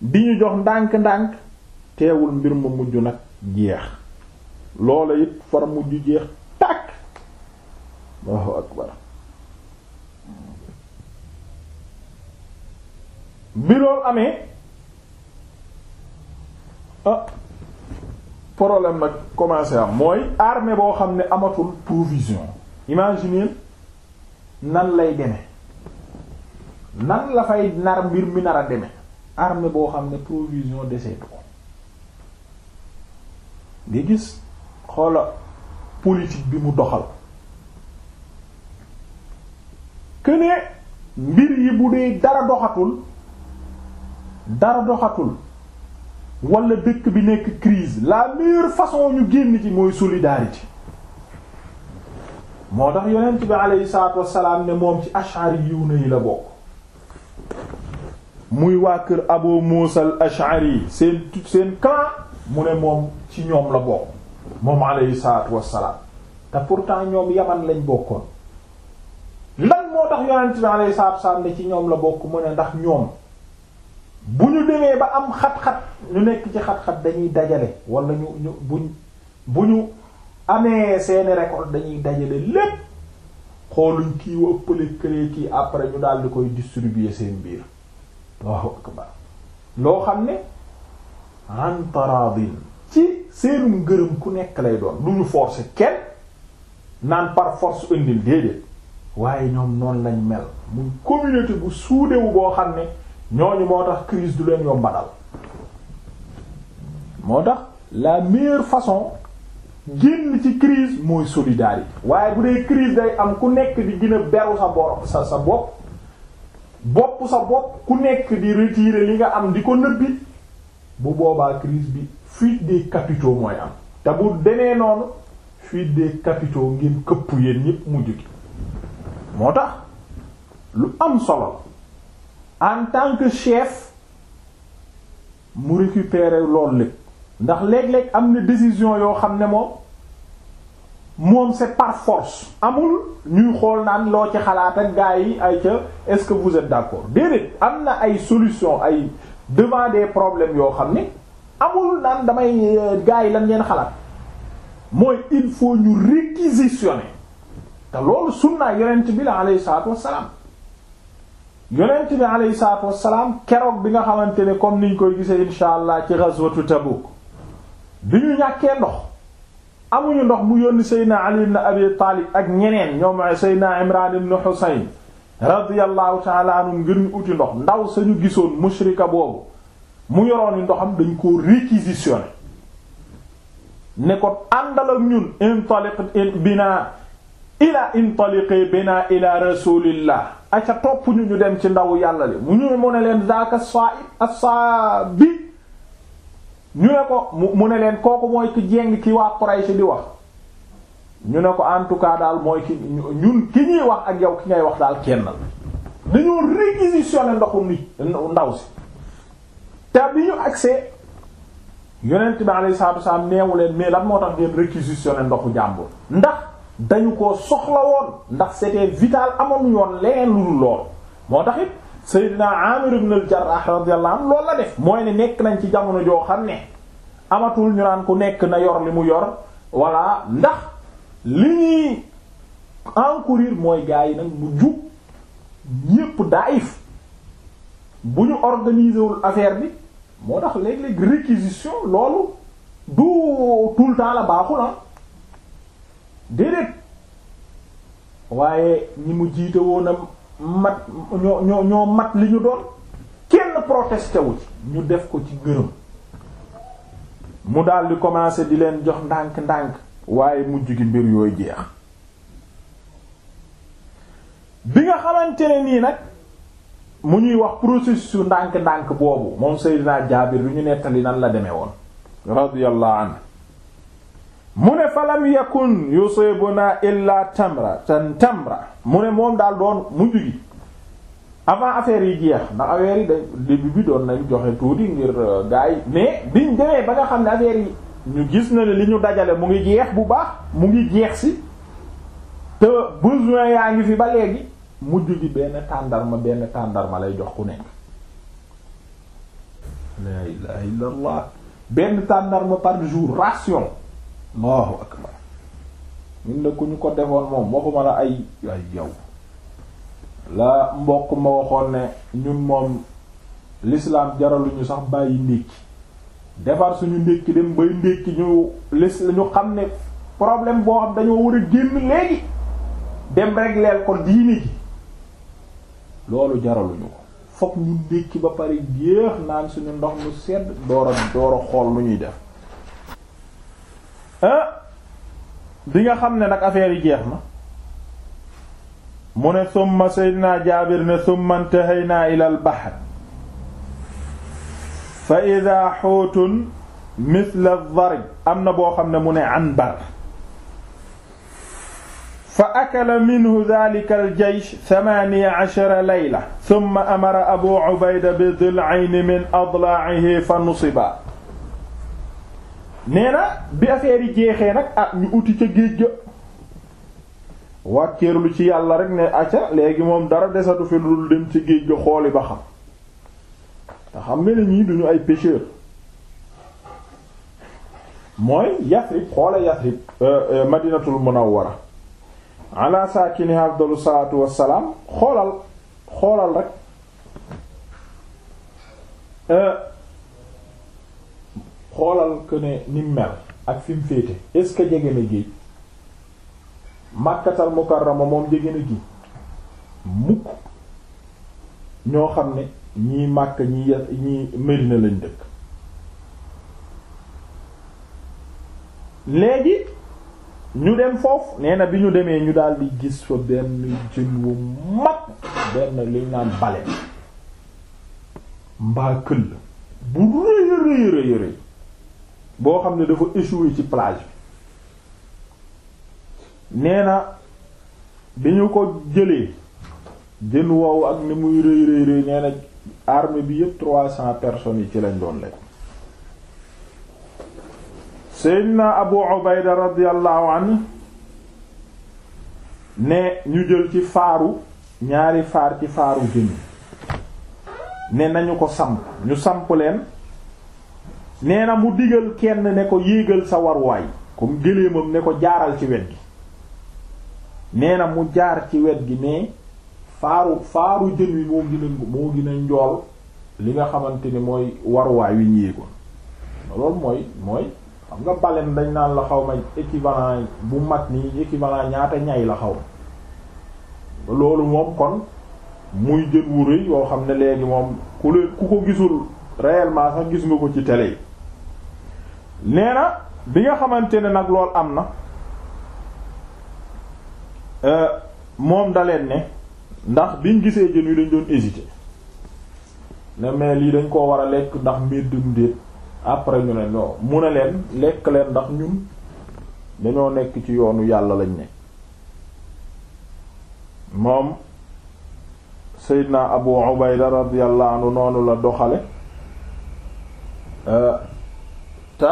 di ñu jox ndànk ndànk teewul mbir ma mujj nag jeex loola it far mujj jeex tàkk Allahu akbar bi amee ah problème nag commencé am mooy armée boo xam ne amatul provision imaginez nan lay deme nan la fay nar mbir mi nar a deme armée boo xam ne provision deseetu ko nga gis xoola politique bi mu doxal këne mbir yi bu dee dara doxatul dara doxatul wala dëkk bi nekk crise la meilleure façon ñu génn ci mooy solidarité moo tax yonent bi aleyhi wassalaam ne moom ci ashari yiw na yi la bokk muy waa kër Abu muusal al Ash'ari seen seen clan mu ne moom ci ñoom la bokk moom alayhi salaatu wassalaam te pourtant ñoom yaman lañ bokkoon lan moo tax yonent bi alayhi salaatu ne ci ñoom la bokk mu ne ndax ñoom bu ñu demee ba am xat-xat ñu nekk ci xat-xat dañuy dajale walla ñu ñu buñ bu ñu amee seeni récolte dañuy dajale lépp xooluñ kii wa ëppale këlee kii après ñu daal di koy distribuer seen biir waaw akbar loo xam ne an taradin ci seenum ngërëm ku nekk lay doon du ñu forcer kenn naan par force indil déedéet waaye ñoom noonu lañ mel muy communauté bu suudewu boo xam ne ñooñu moo tax crise du leen yombalal moo tax la meilleure façon génn ci crise mooy solidarité waaye bu dee crise day am ku nekk di gën a beru sa bopp sa sa bopp bopp sa bopp ku nekk di retirer li nga am di ko nëbbi bu boobaa crise bi fuite de capitaux mooy am te bu demee noonu fuite des capitaux ngeen këpp yéen ñépp mujj gi moo tax lu am solo en tant que chef mu récupérer loolu lépp ndax léeg-léeg am na décision yoo xam ne moom moom c'est par force amul ñuy xool naan loo ci xalaat ak gars yi ay ca est-ce que vous êtes d'accord déedéet am na ay solution ay devant de problèmes yoo xam ne amul naan damay euh, gars yi lan leen xalaat mooy il faut ñu réquisitionner te loolu sunnaa yonent bi la alayhi salaatu wassalaam yonent bi alayhi salaatu wassalaam keroog bi nga xamante ne comme niñ koy gisee insha allah ci ghazwatu Tabuk bi ñu ñàkkee ndox amuñu ndox mu yónni Seydina Ali ibn Abi Taalib ak ñeneen ñoom Seydina Imran ibn Husayn radiyallahu taala anhu ngir ñu uti ndox ndaw sañu gisoon mushrika boobu mu yoroon ndoxam dañ koo réquisitionné ne ko àndal ak ñun intaliq bina ila intaliqi bina ila rasulillah aca topp ñu ñu dem ci ndaw yàlla li mu ñu mu ne leen zaaka saib asabi ñu ne ko mu ne leen kooku mooy ki jeng ki waa Quraysh di wax ñu ne ko en tout cas daal mooy ki ñun ki ñuy wax ak yow ki ngay wax daal kenn la dañoo réquisitionné ndoxu nit ndaw si te bi ñu accès yonent bi alayhi salaatu wasalaam neewu leen mais lan moo tax ngeen réquisitionné ndoxu jàmbur ndax dañu ko soxla woon ndax c'était vital amoon yoon leneen lu dul lool moo taxit it Seydina Amir ibn al def mooy ne nekk nañ ci jamono joo xam ne amatul ñu naan ku nekk na yor li mu yor walla ndax li ñuy encourir mooy gars yi nag mu jub ñépp daayif bu ñu organiser wul affaire bi moo tax léeg-léeg réquisition loolu du tout le temps la baaxul ah waaye ñi mu jiite woon a mat ñoo ñoo mat li ñu doon kenn protesté wu ci ñu def ko ci gërëm mu daal di commencer di leen jox ndànk-ndànk waaye mujj gi mbir yooyu jeex bi nga xamante ne nii nag mu ñuy wax processus yu ndànk-ndànk boobu moom Seydina Jaabir bi ñu nettali nan la demee woon radiyallahu anhu mu ne fa lam yakun yusibuna illa tamra tan tamra mu ne moom daal doon mujj gi avant affaire yi jeex ndax affaire yi da début bi doon nañ joxe tuuti ngir euh, gars yi biñ demee ba nga xam ne affaire yi ñu gis na ne li ñu dajale mu ngi jeex bu baax mu ngi jeex si te besoin yaa ngi fi ba léegi mujj bi benn tàndarma benn tàndarma lay jox ku nekk la ilaha illallah benn tàndarma par jour ration allahu akbar ñun ne ku ñu ko defoon moom waxuma la ay ay yow la mbokk ma waxoon ne ñun moom l'islam jaraluñu sax bàyyi ndékki defar suñu ndékki dem bay ndékki ñu les ñu xam ne problème boo xam dañoo war a génn léegi dem rek leel ko diini ji loolu jaraluñu ko fokk ñu ndékki ba pare géex naan suñu ndox mu sedd door a door a xool lu ñuy def ah bi nga xam ne nag affaire yi jeex na mu ne summa sayyidina Jaabir ne summa naa ilal baax fa ida xóotun mithla darib am na boo xam ne mu ne anbar fa akala minhu dalika aljeysh thamaniya ashara layla thumma amara abu ubayda bi dil'ayni min adlaa'ihi fa nusiba nee na bi affaire yi jeexee nag ah ñu uti ca géej ga wàcceerlu ci yàlla rek ne aca léegi moom dara desatu fi lu dul dem ci géej ga xooli ba xam xam nga ne ñii duñu ay pêcheur mooy Yasrib xoola Yasrib euh, euh, madinatul munawwara ala saakini afdalu salaatu wassalaam xoolal xoolal rek euh, xoolal que ne ni mel ak fi mu féete est-ce que jege na géej Makkatal Mukarrama moom jege na géej mukk ñoo xam ne ñii Màkka ñi ya ñii Medina lañ dëkk léegi ñu dem foofu nee bi ñu demee ñu daldi gis fa benn jën wu mag benn liñ naan bale mbaa këll bu rëy rëy rëy rëy boo xam ne dafa échoué ci plage bi nee bi ñu ko jëlee jën wow ak ni muy rëy rëy rëy nee armée bi yëpp trois cent personnes yi ci lañ doon lekk seydina abu ubayda radiyallahu anhu ne ñu jël ci faaru ñaari faar ci faaru jën ne nañu ko samp ñu samp leen nee na mu digal kenn ne ko yéegal sa warwaay comme gëléemam ne ko jaaral ci wet gi nee na mu jaar ci wet gi ne faaru faaru jën wi moo gën moo gën njool li nga xamante ni mooy waruwaay wi ñu yéegoon loolu mooy mooy xam nga baleine dañ naan la xaw ma équivalent bu mag nii équivalent ñaata ñay la xaw ma loolu moom kon muy jën wu rëy yoo xam ne léegi moom ku leen ku ko gisul réellement sax gis nga ko ci télé yi nee na bi nga xamante ne nag loolu am na euh, moom daleen ne ndax biñ gisee jën wi dañ doon hésité ne mais lii dañ koo war a lekk ndax mbir dum déet après ñu ne non mu ne leen lekk leen ndax ñun dañoo nekk ci yoonu yàlla lañ ne moom Seydina Abu Ubayda radiyallahu anhu noonu la doxale euh, te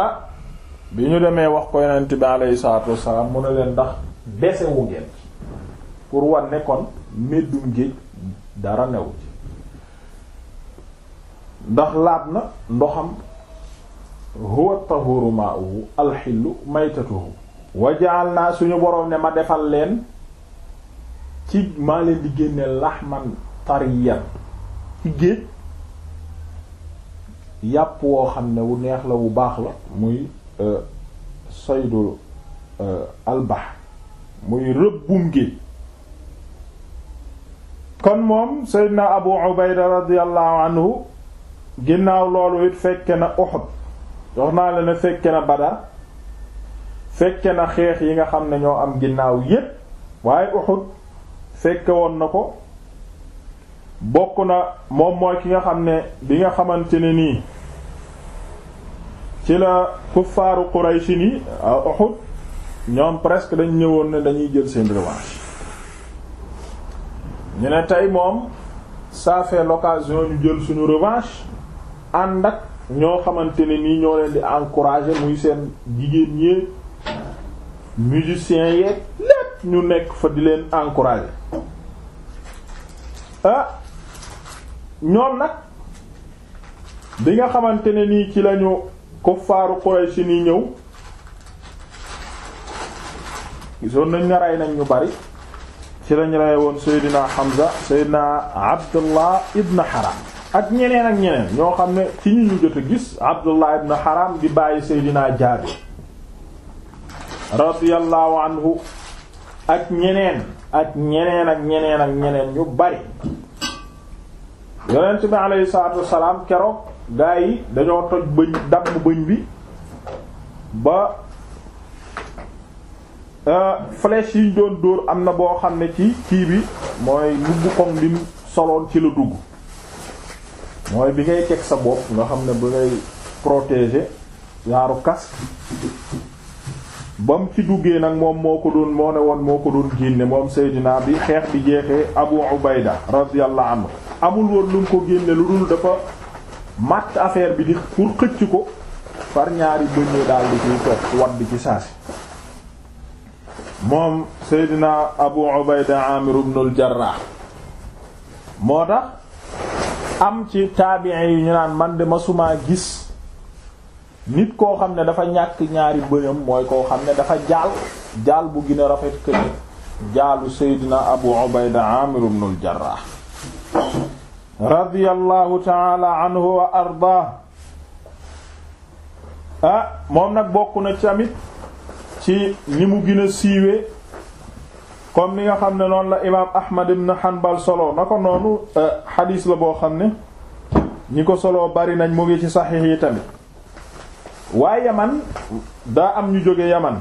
bi ñu demee wax ko yonent bi alayhi salaatu wassalaam mu ne leen ndax desewu ngeen pour wan nekkoon kon méddum géej dara new ci ndax laab na ndoxam huwa wu ma'uhu alxillu maytatuhu wa jaal naa suñu boroom ne ma defal leen ci maa leen di génne laxman tariyan ci géej yàpp woo xam ne wu neex la wu baax la muy euh, soydu euh, albax muy rëbbum géej kon moom seydna abu ubayda radiallahu anhu ginnaaw loolu it fekke na Uhud wax naa la ne fekke na Badar fekke na xeex yi nga xam ne ñoo am ginnaaw yépp waaye Uhud fekke woon na ko bokk na moom mooy ki nga xam ne bi nga xamante ne nii ci la kuffaaru Quraysh ni ñoom presque dañ ñëwoon ne dañuy jël seen revanche ñu ne tey moom ça fait l'occasion ñu jël suñu revanche ànd ak ñoo xamante ne nii ñoo leen di encourager muy seen jigéen ñeeg musiciens yeeg lépp ñu nekk fa di leen encourager ah ñoom nag bi nga xamante ne nii ci lañu kuffaaru si ni ñëw gisoon nañ nga rey nañ ñu bari ci lañ rey woon Seydina Hamza Seydina Abdullah Ibn Haram ak ñeneen ak ñeneen ñoo xam ne ci ñu ñu jot a gis Abdullah Ibn Haram di bàyyi Seydina Jaabir radiyallahu anhu ak ñeneen ak ñeneen ak ñeneen ak ñu bari yonent bi alayhi salaatu wassalaam keroog gaa yi dañoo toj bëñ damm bëñ bi ba Euh, flèche yi ñu doon dóor am na boo xam ne ci kii bi mooy mbubb comme lim soloon ci la dugg mooy bi ngay teg sa bopp nga xam ne bu ngay protéger yaaru casque ba mu ci duggee nag moom moo ko doon moo ne woon moo ko doon génne moom Seydina bi xeex bi jeexee Abu Ubayda radiyallahu anhu amul woon lu mu ko génne lu dul dafa matt affaire bi di pour xëcc ko par ñaari bëñee daal di ciy toog wadd ci saasi moom Seydina Abu Ubayda Amir ibn al-Jarrah moo tax am ci taabi'i yi ñu naan man de masumaa gis nit koo xam ne dafa ñàkk ñaari bëñam mooy koo xam ne dafa jaal jaal bu gën rafet que jaalu Seydina Abu Ubayda Amir ibn al-Jarrah radiyallahu ta'ala wa ardaa ah moom nag bokk na ci tamit ci ni mu gën siiwe comme ni nga xam ne noonu la imaam Ahmad ibn Hanbal solo na ko noonu euh, xadiis la boo xam ne ñi ko solo bari nañ mu ngi ci saxiix yi tamit waa yaman daa am ñu jóge yaman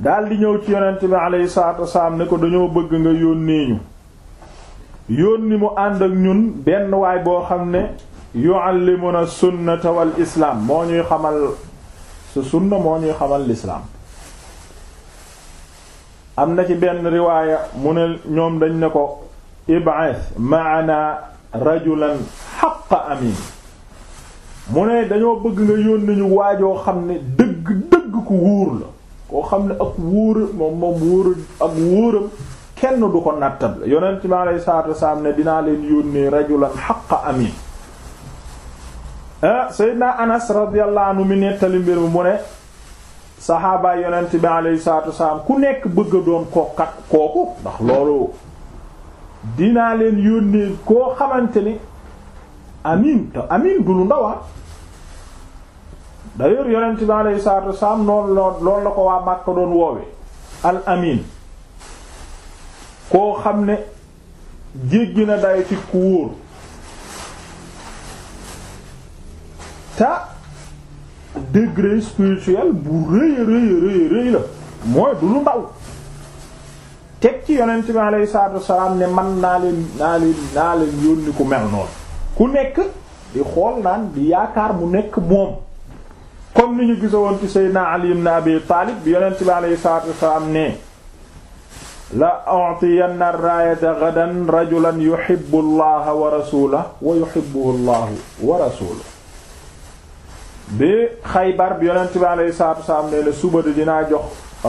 daal ñëw ci yonent bi alayhi salaatu wasalaam ne ko dañoo bëgg nga yónnee ñu yónni mu ànd ak ñun benn waay boo xam ne yu'allimuna sunnata wal islaam moo ñuy xamal sa sunna moo ñuy xamal lislaam am na ci benn riwaaya mu ne ñoom dañ ne ko ib'ath ma'ana rajulan haqq amin mu ne dañoo bëgg nga yónni ñu waajoo xam ne dëgg dëgg ku wóor la koo xam ne ak wóora moom moom wóora ak wóoram kenn du ko nattab la yonent mi alayhi salaatu wasalaam ne dinaa leen yónnee rajulan haqq amin Eh, Seydina Anas radiyallahu mi nettali mbir mi mu ne saxaabaay yonent bi alayhi salaatu wasalaam ku nekk bëgg a doon kookat kooku ndax loolu dinaa leen yónnee koo xamante ni amin te amin du lu ndawa ah. d'ailleurs yonent bi alayhi salaatu wasalaam noonu la ko waa Makka doon woowe al amin koo xam ne jéggi na day ci ku wóor ta degré spirituel bu rëy rëy rëy rëy la mooy du lu ndaw teg ci yonent bi alayhi salaatu wassalaam ne man naa leen naa leen naa leen yónni ku mel noonu ku nekk di xool naan di yaakaar mu nekk moom comme ni ñu gisoon ci Seydina Ali ibn Abi Taalib bi yonent bi alayhi salaatu wassalaam ne la a'tiyanna ar-raayata ghadan rajulan yuhibbu Allaha wa rasuulahu wa yuhibbuhu Allahu wa rasuluhu bi Xaybar bi yonent bi alayhi salaatu wasallam ne la suba di dinaa jox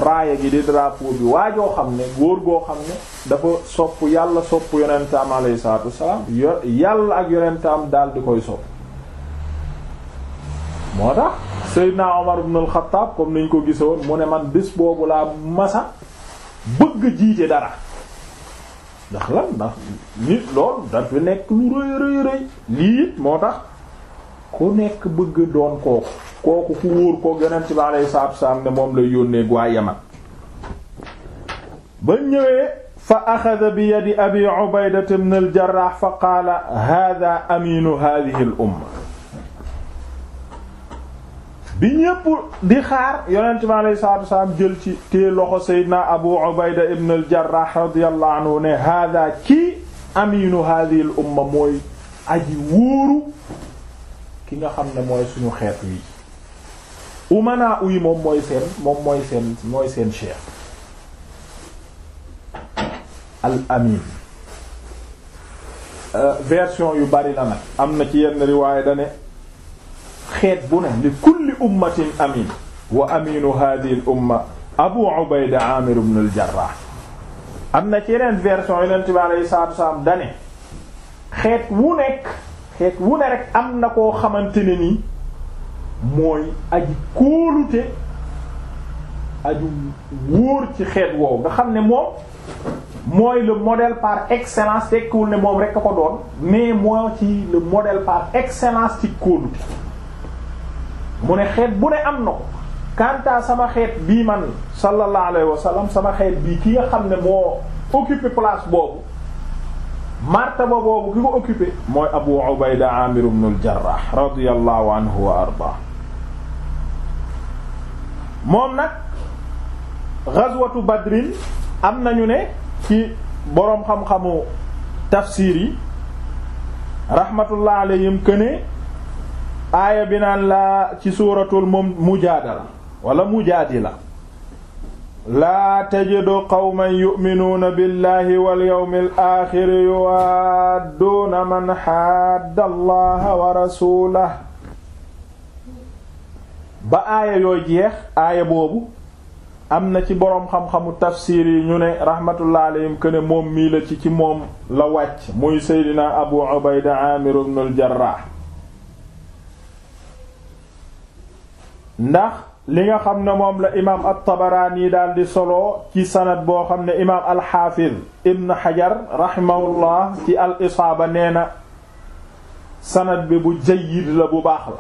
raaya gi di drapeau bi waajoo xam ne góor goo xam ne dafa sopp yàlla sopp yonentam alayhi salaatu wasallam yo yàlla ak yonentam daal di koy sopp moo tax Seydina Omar ibn al-Khattab comme niñ ko gisoon mu ne man bis boobu laa masa bëgg jiite dara ndax la ndax nit loolu dafa nekk lu rëy rëy rëy lii it moo tax ku nekk bëgg doon kooku kooku ku wóor ko yonent bi alayhi salaatu wasalaam ne moom la yónnee waa Yaman ba ñëwee fa axada bi yadi abi ubaydata ibn al jarrah fa qaala hada aminu hadihi al umma bi ñépp di xaar yonent bi alayhi salaatu wasalaam jël ci tée loxo seydina abu ubayda ibn al jarrah radiyallahu anhu ne hada kii aminu hadihi al umma mooy aji wóoru ki nga xam ne mooy suñu xeet wi umana uyi moom mooy seen moom mooy seen mooy seen cheikh al amin euh, version yu bari la nag am na ci yenn riwaaya dane xeet bu ne li kulli ummatin amin wa aminu hadhihi al umma abu ubayda amir ibn al am na ci yeneen version yeneen bi aleyhi salatu wasalaam dane xeet wu nekk xeet wu ne rek am na koo xamante ne nii mooy aji kóolute aju wóor ci xeet woowu nga xam ne moom mooy le modèle par excellence tekkiwul ne moom rek a ko doon mais moo ci le modèle par excellence ci kóolute mu ne xeet bu ne am na ko kanta sama xeet bii man sallallahu alayhi wa sallam sama xeet bii ki nga xam ne moo occupé place boobu martaba boobu ki ko occupé mooy Abu Ubayda Amir ibn al-Jarrah radiyallahu anhu wa arda moom nag ghazwatu badrin am nañu ne ci boroom xam-xamu tafsiir yi rahmatullah alayhim këne aaya bi naan laa ci suuratul mu mujaadala wala mujaadila laa tajidu qawman yu'minuuna billahi wal yawmil aaxir yuwaadduuna man xaadda allaha wa rasuulahu ba aaya yooy jeex aaya boobu am na ci boroom xam-xamu tafsiir yi ñu ne rahmatullah alayhim que ne moom mii la ci ci moom la wàcc muy seydina abu ubayda aamir ibnul jarraah ndax li nga xam ne moom la imaam at-Tabaraani daal di solo ci sanad boo xam ne imaam al-Hafiz Ibn Hajar rahimahullah ci al-Isaaba nee na sanad bi bu jayyid la bu baax la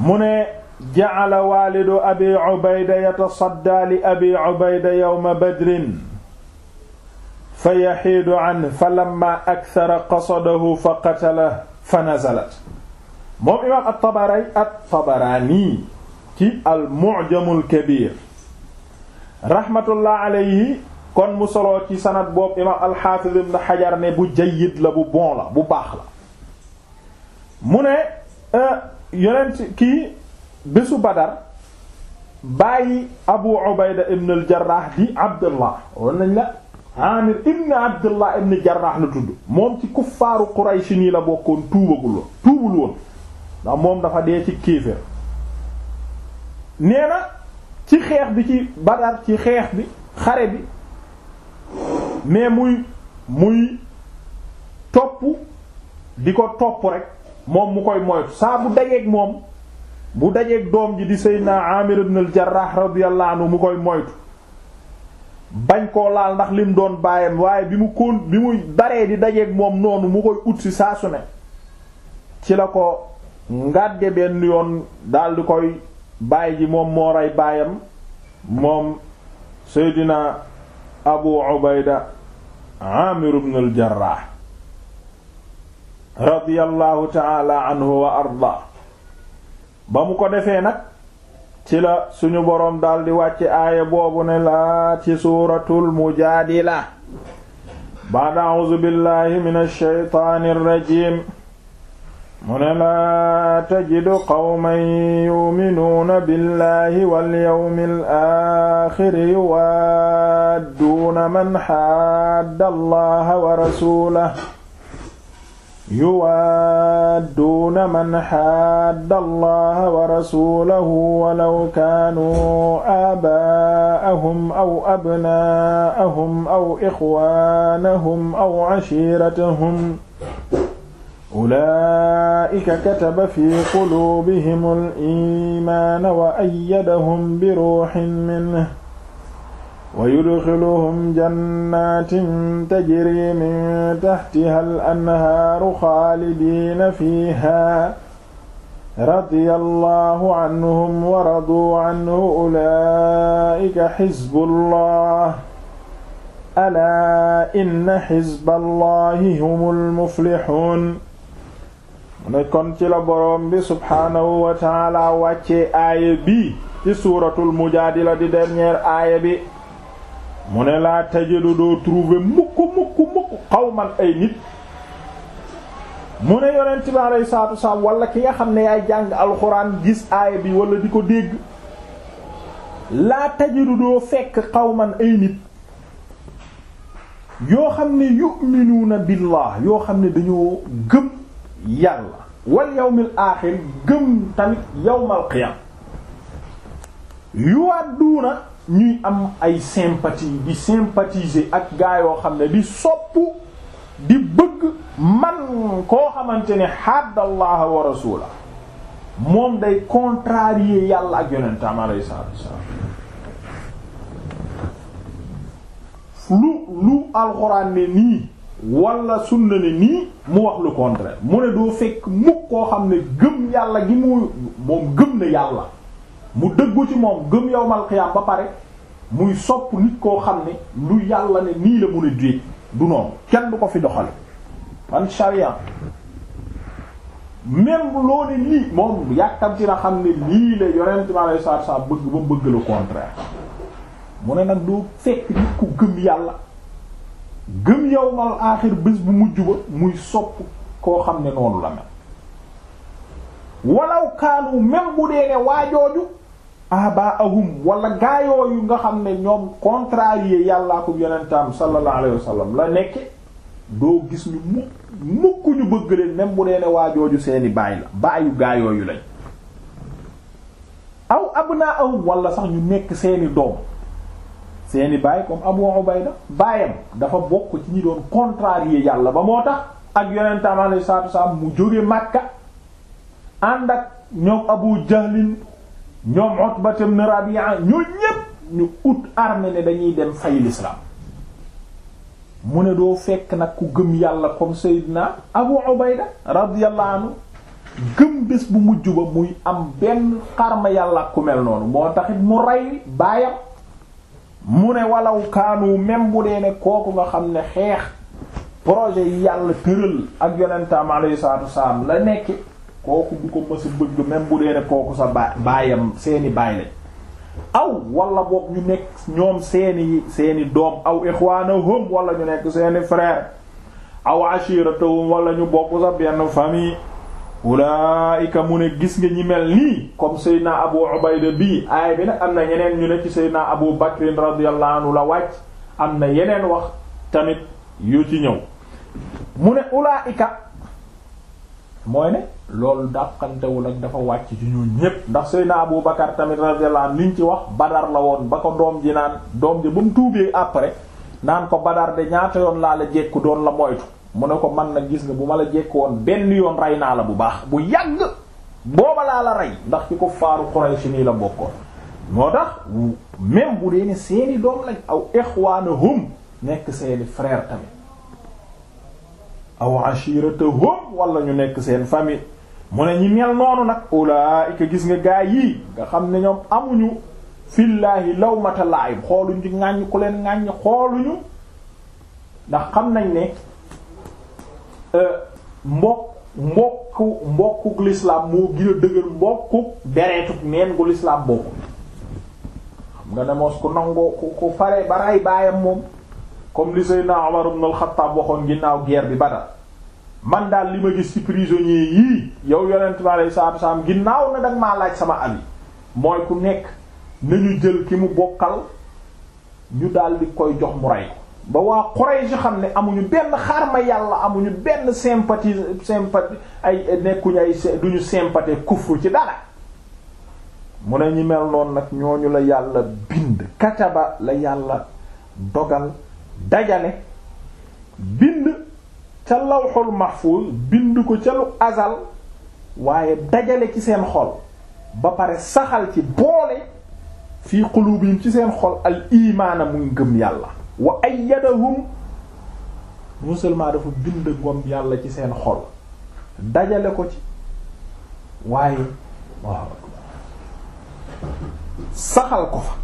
mu ne ja'ala waalidu abi Ubayda yatasaddaa li abi Ubayda yawma badrin fa yahiidu anhu falammaa akthara qasadahu fa qatalahu fa nazalat moom imaam at-Tabarani at-Tabarani ci al-Mu'jamul Kabir rahmatullah alayhi kon mu solo ci sanad boobu imaam al-Hafiz ibn Hajar ne bu jayyid la bu bon la bu baax la mu ne euh, yonent kii bésu Badar bàyyi Abu Ubayda ibn al-Jarrah di Abdullah woon nañ la Amir ibn Abdullah ibn Jarrah la tudd moom ci kuffaaru Quraysh nii la bokkoon tuubagul woon tuubul woon ndax moom dafa dee ci kéefër nee na ci xeex bi ci Badar ci xeex bi xare bi mais muy muy topp di ko topp rek moom mu koy moytu saa bu dajeeg moom bu dajeeg doom ji di Seydina Amir ibn al-Jarrah radiyallahu anhu mu koy moytu bañ koo laal ndax lim doon bàyyam waaye bi mu koon bi muy baree di dajeeg moom noonu mu koy ut saa su ne ci la ko ngàdde benn yoon daldi koy baay ji moom moo rey baayam moom seydina abu ubayda amir ibn al radiyallahu taala anhu wa arda ba mu ko defee nag ci la suñu boroom daldi wàcce aaya boobu ne laa ci suuratul mujaadila ba'da a'uuzu billahi minash shaytaanir rajiim mu ne laa tajidu qawman yuminuuna billahi walyowmi al axiri yuwaadduuna man xaadda allaha wa rasulah yuwaadduuna man xaadda allaha wa rasulahu walaw kaanuu aabaa'ahum aw abnaa'ahum aw ixwaanahum aw cashiiratahum ulaa'ika kataba fi quluubihimul iimaana wa ayyadahum bi ruuhin minhu wa yudxiluhum jannaatin tajrii min tahtihal anhaaru xaalidiina fiihaa radiyallaahu anhum wa raduu anhu ulaa'ika xizbullaah alaa inna xizballaahi humul muflihuun ne kon ci la boroom bi subhaanahu wa taala wàccee aaya bii ci suuratul mujaadila di dernière aaya bi mu ne laa tajidu doo trouver mukk mukk mukk xawman ay nit mu ne yonent bi alayhi salaatu wasalaam wala ki nga xam ne yaay jàng alxuraan gis aaya bi walla di ko dégg laa tajidu doo fekk xawman ay nit yoo xam ne yu'minuuna billah yoo xam ne dañoo gëm yàlla wal yawmil aaxir gëm tamit yawmal qiyam yuwadduuna ñuy am ay sympathie di sympathiser ak gaa yoo xam ne di soppu di bëgg man koo xamante ne haddallaha wa rasula moom day contrarier yàlla ak yonentam alayhi salaatu wassalaam lu lu alxuraan ne nii wala sunna ne nii mu wax lu contraire mu ne doo fekk mukk koo xam ne gëm yàlla gi mu moom gëm na yàlla mu dëggu ci moom gëm yowmal xiyaam ba pare muy sopp nit koo xam ne lu yàlla ne nii la mun a déeg du noonu kenn du ko fi doxal man sharia même loo ne lii moom yàkkam ci na xam ne lii la yonent mi alei satu salaam bëgg ba bëgg lu contraire mu ne nag doo fekk nit ku gëm yàlla gëm yawmal aaxir bés bu mujj ba muy sopp koo xam ne noonu la mel walaw kaanu même bu dee ne waajooju walla wala yu nga xam ne ñoom contrarier yàllaa ko yonentam sallallahu alayhi wa sallam la nekke doo gis ñu mukk mukk ñu bëgg leen même bu dee ne waajooju seeni baay la baayu yu lañ aw abnaahum walla sax ñu nekk seeni doom seeni baay comme Abu Ubayda baayam dafa bokk ci ñi doon contrarier yàlla ba moo tax ak yonentam alayhi salaatu wasallam mu jóge Makka ànd ak ñoom Abu Jahlin ñoom Utba ibn Rabi'a ñoo ñépp ñu ut armée ne dañuy dem fay l'islam mu ne doo fekk nag ku gëm yàlla comme Seydina Abu Ubayda radiyallahu anhu gëm bés bu mujj ba muy am benn xarma yàlla ku mel noonu moo taxit mu rey baayam mu ne walaw kaanu même bu dee ne kooku nga xam ne xeex projet yi yàlla tëral ak yonentaam alayhi salaatu wasalaam la nekk kooku bu ko mës bëgg même bu dee ne kooku sa ba baayam seeni baay lañ aw wala boog ñu nekk ñoom seeni seeni doom aw ixwaanahum walla ñu nekk seeni frère aw ashiratahum wala ñu bokk sa benn famille ika mu ne gis nga ñi mel nii comme seyna abu ubayda bii aay bi nag am na ñeneen ñu ne ci seydna abu bakrin radiyallahu anhu la wàcc am na yeneen wax tamit yu ci ñëw mu ne ulaayika mooy ne loolu dàqantewul ak dafa wàcc ci ñun ñépp ndax seydna abu bakar tamit radiyallahu anhu liñ ci wax badar la woon ba ko doom ji naan doom ji ba mu tuubee après naan ko badar de ñaata yoon laa la jekku doon la moytu mu ne ko man nag gis nga bu ma la jekkoon benn yoon rey naa la bu baax bu yàgg booba laa la rey ndax ci ko faaru Quraysh nii la bokkoon moo tax même bu dee ne seeni doom lañ aw ixwaanahum nekk seeni frère tamit aw ashiratahum wala ñu nekk seen famille mu ne ñi mel noonu nag ko gis nga gaay yii nga xam ne ñoom amuñu fillaahi lawmata laa'im xooluñu ŋàññ ku leen ŋàññ xooluñu ndax xam nañ ne Euh, mbokk mbokk mbokkuk l'islam moo gën a dëgër mbokkuk deretuk neen gu l'islam bokk xam nga ne mos ku nangoo ku ku fare baray baayam moom comme li Seydina Umar ibn al-Khattab waxoon ginnaaw guerre bi Badar man daal li ma gis ci prisonniers yii yow yonent bi alayhi salaatu salaam ginnaaw na danga maa laaj sama avis mooy ku nekk nañu jël ki mu bokkal ñu daldi koy jox mu rey ko ba waa Quraysh xam ne amuñu benn xarma yàlla amuñu benn sympathie sympathie ay nekkuñu ay duñu sympathie kufru ci dara mu ne ñi mel noonu nag ñooñu la yàlla bind kataba la yàlla dogal dajale bind ca lawxul mahfuz bind ko ca lu azal waaye dajale ci seen xol ba pare saxal ci boole fii qulubihim ci seen xol al imaana mu ngëm yàlla wa ayyadahum non seulement dafa bind ngom yàlla ci seen xol dajale ko ci waaye waaw saxal ko fa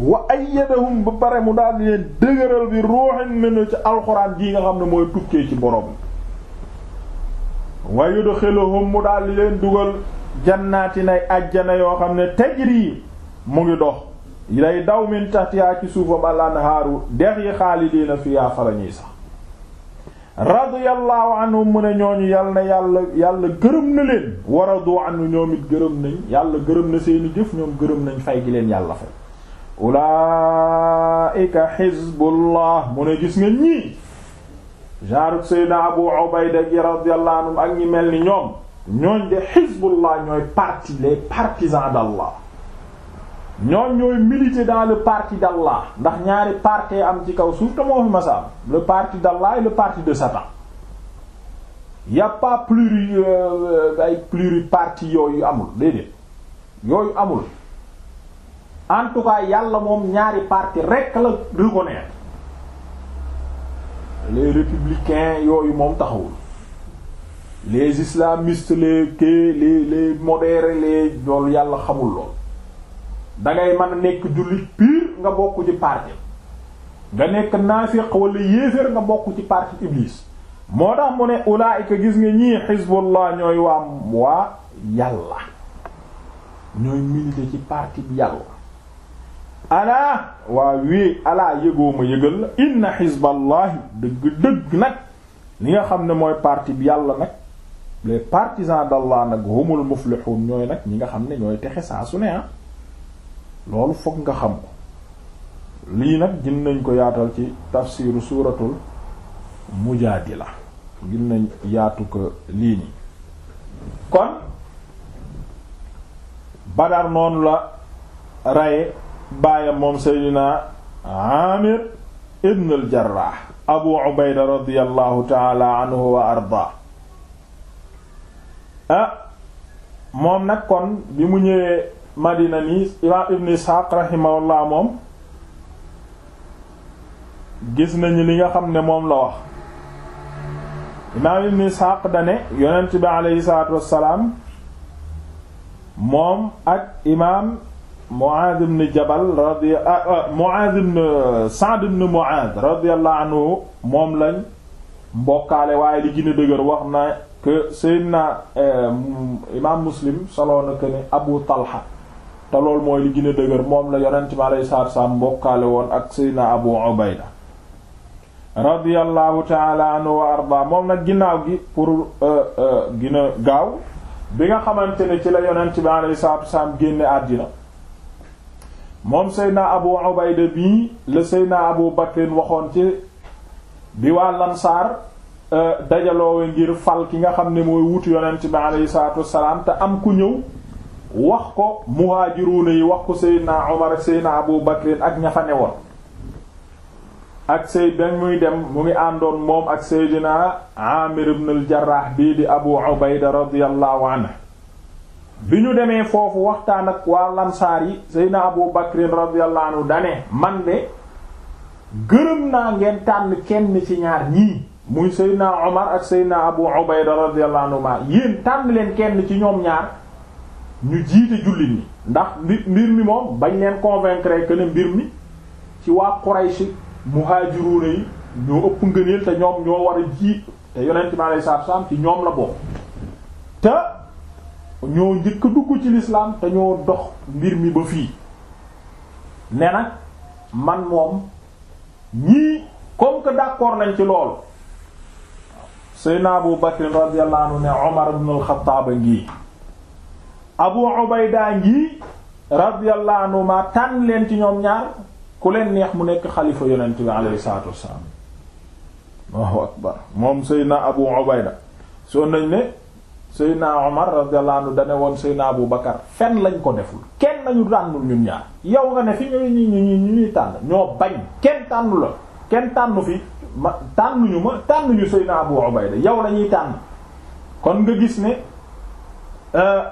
wa ayyadahum ba pare mu daal di leen dëgëral bi ruuxin minu ci alxuraan jii nga xam ne mooy tukkee ci borom wa yudxiluhum mu daal di leen dugal jannaatin ay ajjana yoo xam ne tajri mu ngi dox lay daw min ci suufam al anhaaru dex yi xaalidiina fiha fa la ñuy mu ne ñooñu yàlla na yàlla yàlla gërëm na leen waradu anhu ñoom it gërëm nañ yàlla gërëm na seeni jëf ñoom gërëm nañ fay gi leen yàlla fay ulaika xizbullah mu ne gis nga ñii genre seydna abu ubayda gi radiyallahu anhum ak ñi mel ni ñoom ñooñ de xizbullah ñooy parti les partisans d'Allah ñoom ñooy militer dans le parti d'Allah ndax ñaari parti am ci kaw suuf te moo fi masaam le parti d'Allah le parti de Satan y a pas pluri euh, ay pluri parti yooyu amul déedéet yooyu amul en tout yàlla moom ñaari partie rekk la reconnaître les républicains yooyu moom taxawul les islamistes les kii les les modérés les loolu yàlla xamul lool dangay man a nekk jullit pire nga bokk ci parti nga nekk naafiq wala yéeféer nga bokk ci parti iblis moo tax mu ne ulaayika gis nga ñii xisbullah ñooy waa waa yàlla ñooy milité ci parti bi yàlla alaa waa wii alaa yëgoo ma yëgal la inna xisballahi dëgg dëgg nag li nga xam ne mooy parti bi yàlla nag les partisans d'Allah nag humul muflihun ñooy nag ñi nga xam ne ñooy texe saa su neex ah. loolu fokk nga xam ko lii nag gën nañ ko yaatal ci tafsiru suuratul mujaadila gën nañ yaatu ko lii nii kon Badar noonu la raye baayam moom Seydina Amir ibn al Abu Ubayda radiyallahu taala anhu ah, moom nag kon bi mu ñëwee madina nii imaam ibn isxaaq rahimahullah moom gis nañu li nga xam ne moom la wax imaam ibn isxaaq dane yonent bi aleyhi salaatu wassalaam moom ak imaam Muaaz ibn Jabal radi ah, ah, Muaaz ibn Sa'd ibn Muaaz radiyallahu anhu moom lañ mbokkaale waaye li gën dëgër wax na que Seydina eh, imaam Muslim soloona que ne Abu Talha te loolu mooy li gën a dëgër moom la yonent mi aleyhi salaatu salaam mbokkaale woon ak seydna abu ubayda radiyallahu taala anhu wa moom nag ginnaaw gi pour euh, euh, gën a gaaw bi nga xamante ni ci la yonent mi aleyhi salaatu salaam génne àddina moom seydna abu ubayda bii la seydna abu bakrin waxoon ci bi waa lansaar euh, dajaloowe ngir fal ki nga xam ne mooy wutu yonent mi aleyhi salaatu salaam te am ku ñëw wax ko muhaajiruuna yi wax ko Seydina Omar ak Seydina Abu Bakr ak ña fa newoon ak Seyd muy dem mu ngi àndoon moom ak Seydina Amir ibn al-Jarrah bii di Abu Ubayda radiyallahu anhu bi ñu demee foofu waxtaan ak waa lansaar yi Seydina Abu Bakr radiyallahu anhu dane man de gërëm naa ngeen tànn kenn ci ñaar ñii muy Seydina Omar ak Seydina Abu Ubayda radiyallahu anhu ma tànn leen kenn ci ñoom ñaar ñu jiite jullit ñi ndax mbir mi moom bañ leen convaincre que ne mbir mi ci waa Quraysh muhaajiruuna yi ñoo ëpp ngëneel te ñoom ñoo war a jiit te yonent mi alayhi salaatu ci ñoom la bokk te ñoo njëkk dugg ci lislaam te ñoo dox mbir mi ba fii ne nag man moom ñii comme que d'accord nañ ci loolu Seydina Abu Bakr radiyallahu anhu ne Omar ibn al-Khattab abu ubayda ngi radiyallahu anhu ma tànn leen ci ñoom ñaar ku leen neex mu nekk xalifa yonent bi alayhi salaatu wassalaam Allahu akbar moom seydna abu ubayda soo nañ ne seydna omar radiyallahu anhu dane woon seydna abu bakar fenn lañ ko deful kenn nañu tànnul ñun ñaar yow nga ne fi ñooy ñi ñu ñu ñuy tànn ñoo bañ kenn tànnu la kenn tànnu fi ma tànnuñu ma tànnuñu seydna abu ubayda yow lañuy tànn kon nga gis ne euh,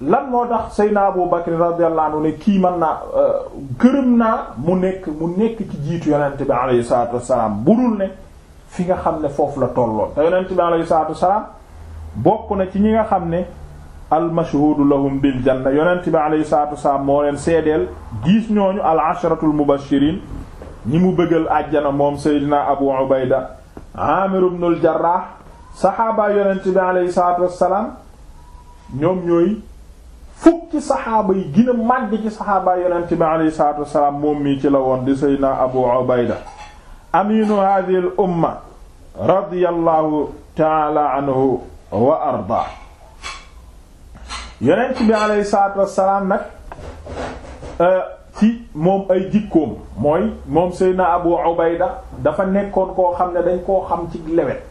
lan moo tax Seydina Abu Bakr radiyallahu anhu ne kii man naa euh, gërëm naa mu nekk mu nekk ci jiitu yonent bi alayhi salaatu wassalaam budul ne fi nga xam ne foofu la tolloon te yonent bi alayhi salaatu wassalaam bokk na ci ñi nga xam ne al mashhuudu lahum bil janna yonent bi alayhi salaatu wassalaam moo leen seedeel diis ñooñu al asharatul mubashiriin ñi mu bëggal àjjana moom Seydina Abu Ubayda Aamir ibnul Jarraah saxaaba yonent bi alayhi salaatu wassalaam ñoom ñooy fukki saxaaba yi gën a màgg ci saxaaba yonent bi alayhi salaatu wassalaam moom mii ci la woon di seydina abu ubayda yonent bi alayhi salaatu wassalaam nag euh, ci moom ay jikkoom mooy moom seydina abu ubayda dafa nekkoon koo xam ne dañ koo xam ci lewet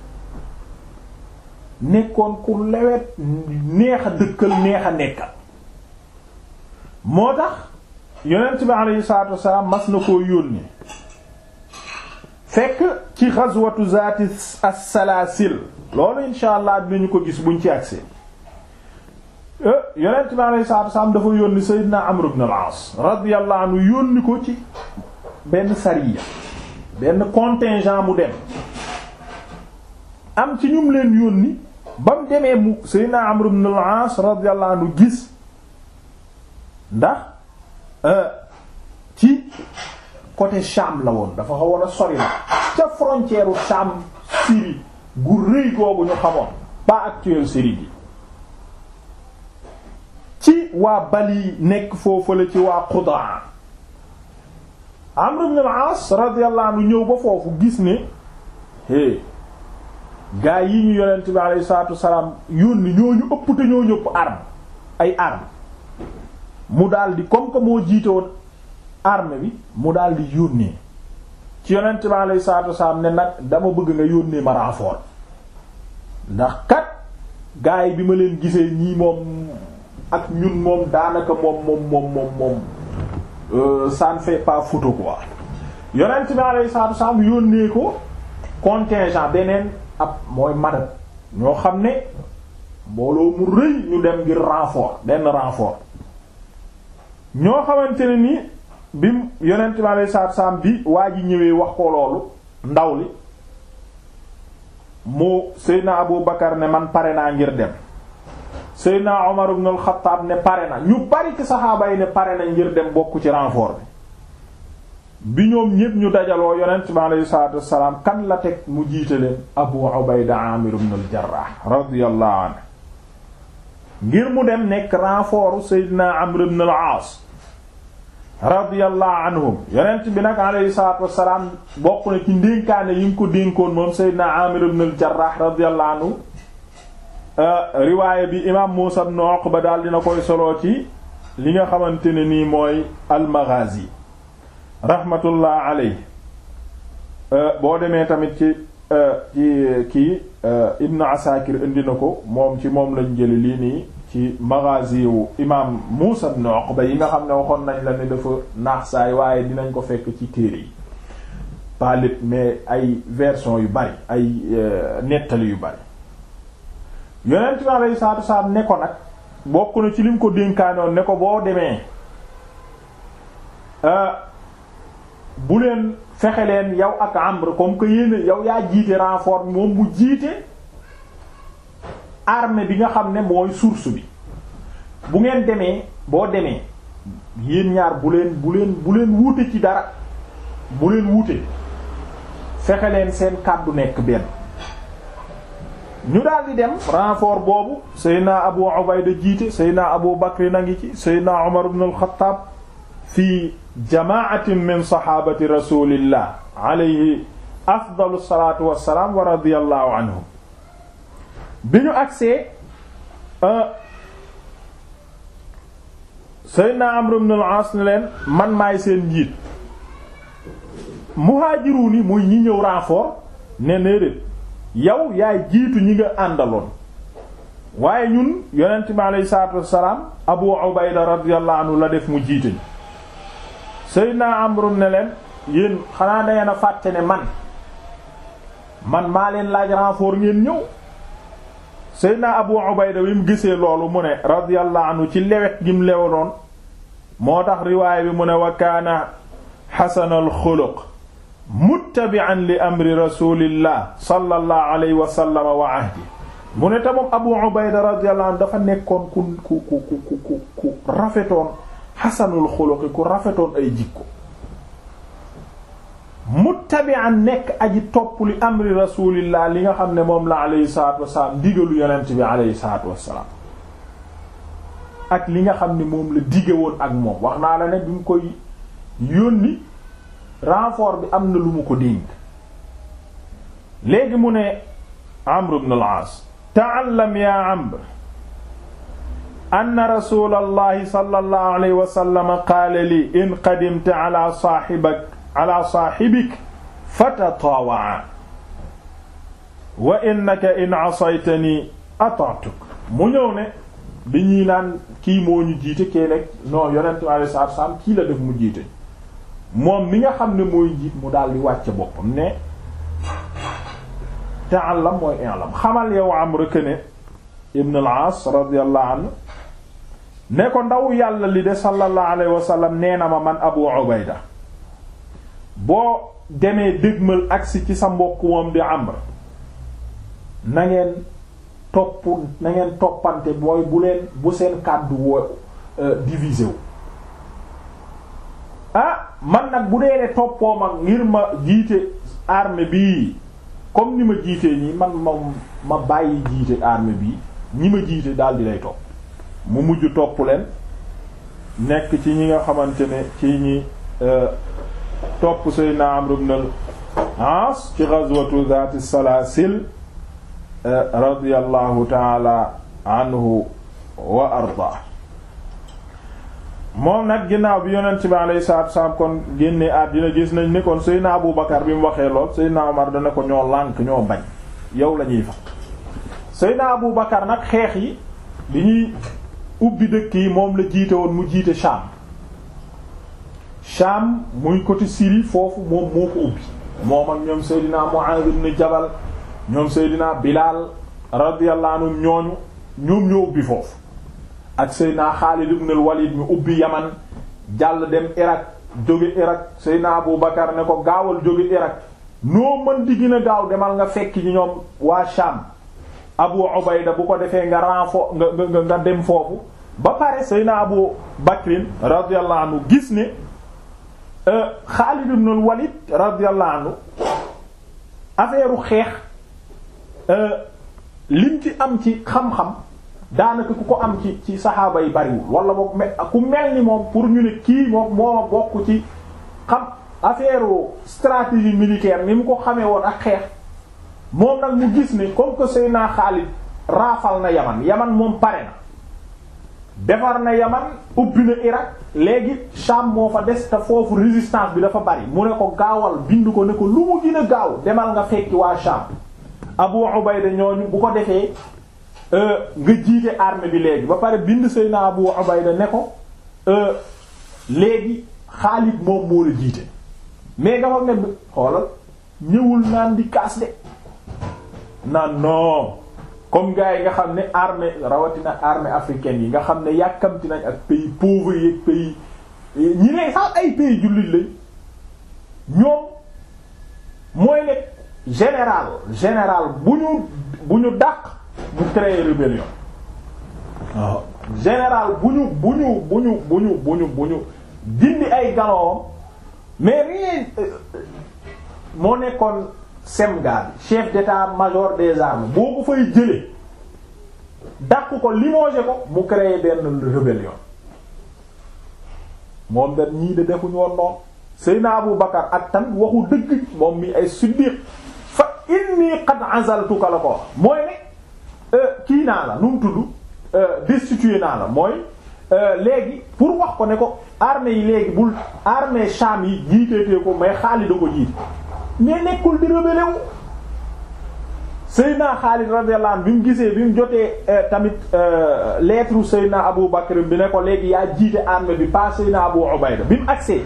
nekkoon ku lewet neex a dëkkal neex a nekkal moo tax yonent bi alayhi salaatu wasalaam mas na koo yónni fekk ci xazwatu zaati as-salaasil loolu insha allah dinañu ko gis buñ ci agsee eh, yonent bi alayhi salaatu wasalaam dafa yónni Seydina Amr ibn al-As radiyallahu anhu yónni ko ci benn sariya benn contingent mu dem am ci ñum leen yónni ba mu demee mu Seydina Amr ibn al gis ndax euh, ci côté Cham la woon dafa xawoon a sori ca frontière u Cham Syrie gu rëy googu ñu xamoon pas actuel Syrie bi ci waa Bali nekk foofu la ci waa Qudaa Amr ibn al-As ñëw ba foofu gis ne gaa yi ñu yonent bi alayhi salaatu wasalaam yónni ñooñu ëpp te ñoo ñëpp arme ay arme mu dal di comme que moo jiite woon bi mu daldi yónnee ci yonent bi alayhi salaatu wasalaam ne nag dama bëgg nga yónnee ma renfort ndax kat gaay bi ma leen gisee ñii moom ak ñun moom daanaka moom moom moom moom moom euh, ça ne fait pas photo quoi yonent bi alayhi salaatu wasalaam yónnee ko contingent beneen ab mooy madad ñoo xam ne mbooloo mu rëy ñu dem ngir renfort benn renfort ñoo xamante ne ni bi yonent bi alei salaatu salaam bi waa ji ñëwee wax ko loolu ndaw li mu Seydina Abu Bakar ne man pare naa ngir dem Seydina Omar ibn al-Khattab ne pare na ñu bari ci saxaaba yi ne pare na ngir dem bokk ci renfort bi bi ñoom ñépp ñu dajaloo yonent bi aleyhi salaatu wassalaam kan la teg mu jiite leen Abu Ubayda Amir ibn al-Jarrah radiyallahu ngir mu dem nekk renfort Seydina Amr ibn aas radiyallahu anhum yonent bi nag alayhi salaatu wassalaam bokk na ci ndénkaane yi nga ko dénkoon moom Seydina Amir ibn al radiyallahu euh, riwaaya bi imaam Muusa ibn Uqba daal dina koy solo ci li nga xamante ne nii mooy al yi rahmatullah alayhi euh, boo demee tamit ci kii euh, Ibn Asakir indi na ko moom ci moom lañ jëli lii nii ci maghazi wu imaam Muusa ibn Uqba yi nga xam ne waxoon nañ la ne dafa naax saay waaye dinañ ko fekk ci téere yi pas mais ay version yu bari ay euh, nettali yu bari yonent bi alayhi salaatu salaam ne ko nag bokk na ci lim ko dénkaanoon ne ko boo demee euh, bu leen fexe leen yow ak Amr comme que yéen yow yaa jiite renfort moom bu jiite armée bi nga xam ne mooy source bi bu ngeen demee boo demee yéen ñaar bu leen bu leen bu leen wuute ci dara bu leen wuute fexe leen seen kàddu nekk benn ñu daal dem renfort boobu Seydina Abu Ubayda jiite Seydina Abu Bakr na ngi ci Seydina Umar ibn al-Khattab fii jamaatin min saxaabati rasulillah alayhi afdalu salaatu wassalaam wa radiyallahu anhum bi ñu agsee euh, Seydina Amr ibn al-As ne leen man maay seen njiit muhaajiruuni muy ñi ñëw renfort ne néeréet yow yaay jiitu ñi nga àndaloon waaye ñun yonent bi alayhi salaatu wassalaam Abu Ubayda radiyallahu anhu la def mu jiite Seydina Amru ne leen yéen xanaa da ngeen fàtte ne man man maa leen laaj renfort ngeen ñëw Seydina Abu Ubayda bi mu gisee loolu mu ne radiyallahu ci lewet gi mu lewoon moo tax riwaay bi mu ne wa kaana xasanal xuluq muttabi'an li amri rasulillah sallallahu alayhi wa sallam wa ahdi mu ne te Abu Ubayda radiyallahu anhu dafa nekkoon ku ku ku ku ku rafetoon xasanul xuluqi ku rafetoon ay jikko muttabi'an nekk aji topp li amri rasulillah li nga xam ne moom la alayhi salaatu wasalaam digalu yonent bi alayhi salaatu wasalaam ak li nga xam ne moom la dige woon ak moom wax naa la ne bi mu koy yónni renfort bi am na lu mu ko dénk léegi mu ne Amr ibn al-As ta'allam Amr anna rasulallahi sallallahu alayhi sallam qaala li in qadimta ala saaxibik ala saaxibik fatatawaa wa innaka in asaytani mu ñëw ne bi ñuy naan kii moo ñu jiite kee nekk non yonent bi alayhi salaatu kii la def mu jiite moom mi nga xam ne mooy jiit mu daal di wàcce boppam ne ta'allam mooy i'lam xamal yow Amr ne ibn al-As radiyallahu anhu ne ko ndaw yàlla li de sallallahu alayhi wa sallam nee na ma man Abu Ubayda boo demee dégmal agsi ci sa mbokk moom di Amr na topp nangeen toppante booy bu leen bu seen kàddu woo euh, divisé a ah, man nag bu dee ne toppoo ma ngir ma jiite armée bii comme ni ma jiitee ñi man ma ma bàyyi jiite armée bi ñi ma jiite daal di lay topp mu mujj topp leen nekk ci ñi nga xamante ne ci ñi euh, topp Seydina Amr ibn al-As ci ghazwatu zaati salaasil euh, radiyallahu taala anhu wa ardaa moom nag ginnaaw bi yonent bi alayhi salaatu salaam kon génne àddina gis nañ ni kon Seydina Abu Bakar bi mu waxee lool Seydina Omar dana ko ñoo lànk ñoo bañ yow la fa Seydina Abu Bakar nag xeex yi bi ñuy ubbi dëkk yi moom la jiite woon mu jiite Sham Sham muy côté Syrie foofu moom moo ko ubbi moom ñoom Seydina Mu'adh ibn Jabal ñoom Seydina Bilal radiyallahu ñooñu ñoom ñoo ubbi foofu ak Seydina Khalid ibn al-Walid ubbi Yaman jàll dem Irak jóge Irak Seydina Abu Bakar ne ko gaawal jóge Irak noo mën di gën a demal nga fekk ci ñoom waa Sham Abu Ubayda bu ko defee nga renfo nga nga dem foofu ba pare Seydina Abu Bakrin radiyallahu anhu gis ni Xaalid euh, ibn al-Walid radiyallahu xeex euh, lim ci am ci xam-xam daanaka ku ko am ci ci saxaaba yi bariwul wala boog ku mel ni moom pour ñu ne kii moom moo bokk ci xam affaire stratégie militaire ni mu ko xamee woon ak xeex moom nag mu gis ni comme que naa Xaalid raafal na yaman yaman moom pare na defar na yaman ubbi na Irak léegi Sham moo fa des te foofu résistance bi dafa bari mu ne ko gaawal bind ko ne ko lu mu gën gaaw demal nga fekki waa Sham Abu Ubayda ñooñu bu ko defee euh, nga jiite armée bi léegi ba pare bind naa Abu Ubayda ne ko euh, léegi Xaalid moom moo la jiite mais nga xam ne xoolal ñëwul naan di kaas de naan non comme gars yi nga xam ne armée rawatina armée africaine yi nga xam ne yàkkamti nañ ak pays pauvre yi ak pays ñi ne sax ay pays jullit lañ ñoom mooy ne général général bu ñu bu ñu dàq bu créer rébellion ah. général bu ñu bu ñu bu ñu bu ñu bu ñu bu ñu dindi ay galon mais euh, moo nekkoon semga bi chef d'état-major des armées boo ko fay jëlee dàq ko limogé ko mu créé benn rébellion moom da ñii de defuñu woon noonu Seydina Abu Bakar ak tan waxu dëgg moom mi ay siddiq fa inni qad azaltuka la ko wax mooy ne euh, kii naa la nu mu tudd euh, destitué naa la mooy euh, léegi pour wax ko ne ko armée yi léegi bul armée Sham yi jiiteetee ko mais Xaalid da ko jiite mais nekkul di rebelle wu Seydina Xaalid bi mu gisee bi mu jotee euh, tamit euh, lettre Seydina Abu Bakr bi ne ko léegi yaa jiite armée bi pas Seydina Abu Ubayda bi mu agsee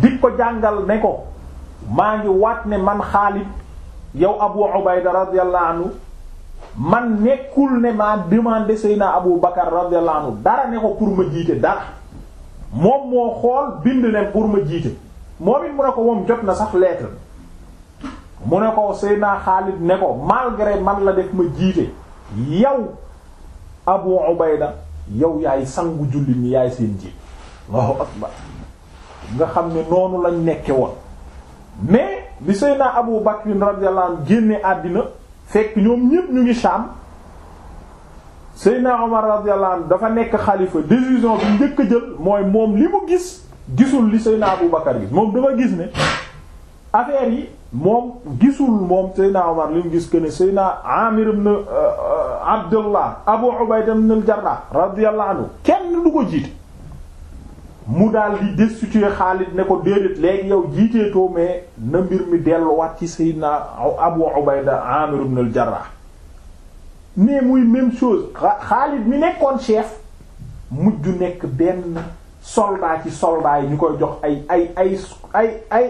di ko jàngal ne ko maa ngi waat ne man Xaalid yow Abu Ubayda radiyallahu anhu man nekkul ne ma demandé Seydina Abu Bakr radiyallahu anhu dara ne ko pour ma jiite dara moom moo xool bind ne pour ma jiite moom it mu ne ko moom jot na sax lettre mu ne ko Seydina Xaalid ne ko malgré man la def ma jiite yow Abu Ubayda yow yaay sangu jullit ñi yaay seen jiit nga xam ne noonu lañ nekke woon mais bi Seydina Abu Bakr radiyallahu anhu génne àddina fekk ñoom ñépp ñu ngi Sham Seydina Omar radiyallahu anhu dafa nekk xalifa décision bi njëkk a jël mooy moom li mu gis gisul li Seydina Abu Bakar gis moom dafa gis ne affaire yi moom gisul moom Seydina Omar li gis que ne Seydina Amir ibn euh, euh, Abdullah Abu Ubayda ibn al-Jarrah radiyallahu kenn du ko jiite mu daal di destituer Xaalid ne ko déedéet léegi yow jiiteetoo mais na mbir mi delluwaat ci Seydina Abu Ubayda Amir ibn al-Jarrah muy même chose Xaalid mi nekkoon chef mujj nekk benn soldat ci soldat yi ñu koy jox ay ay ay ay ay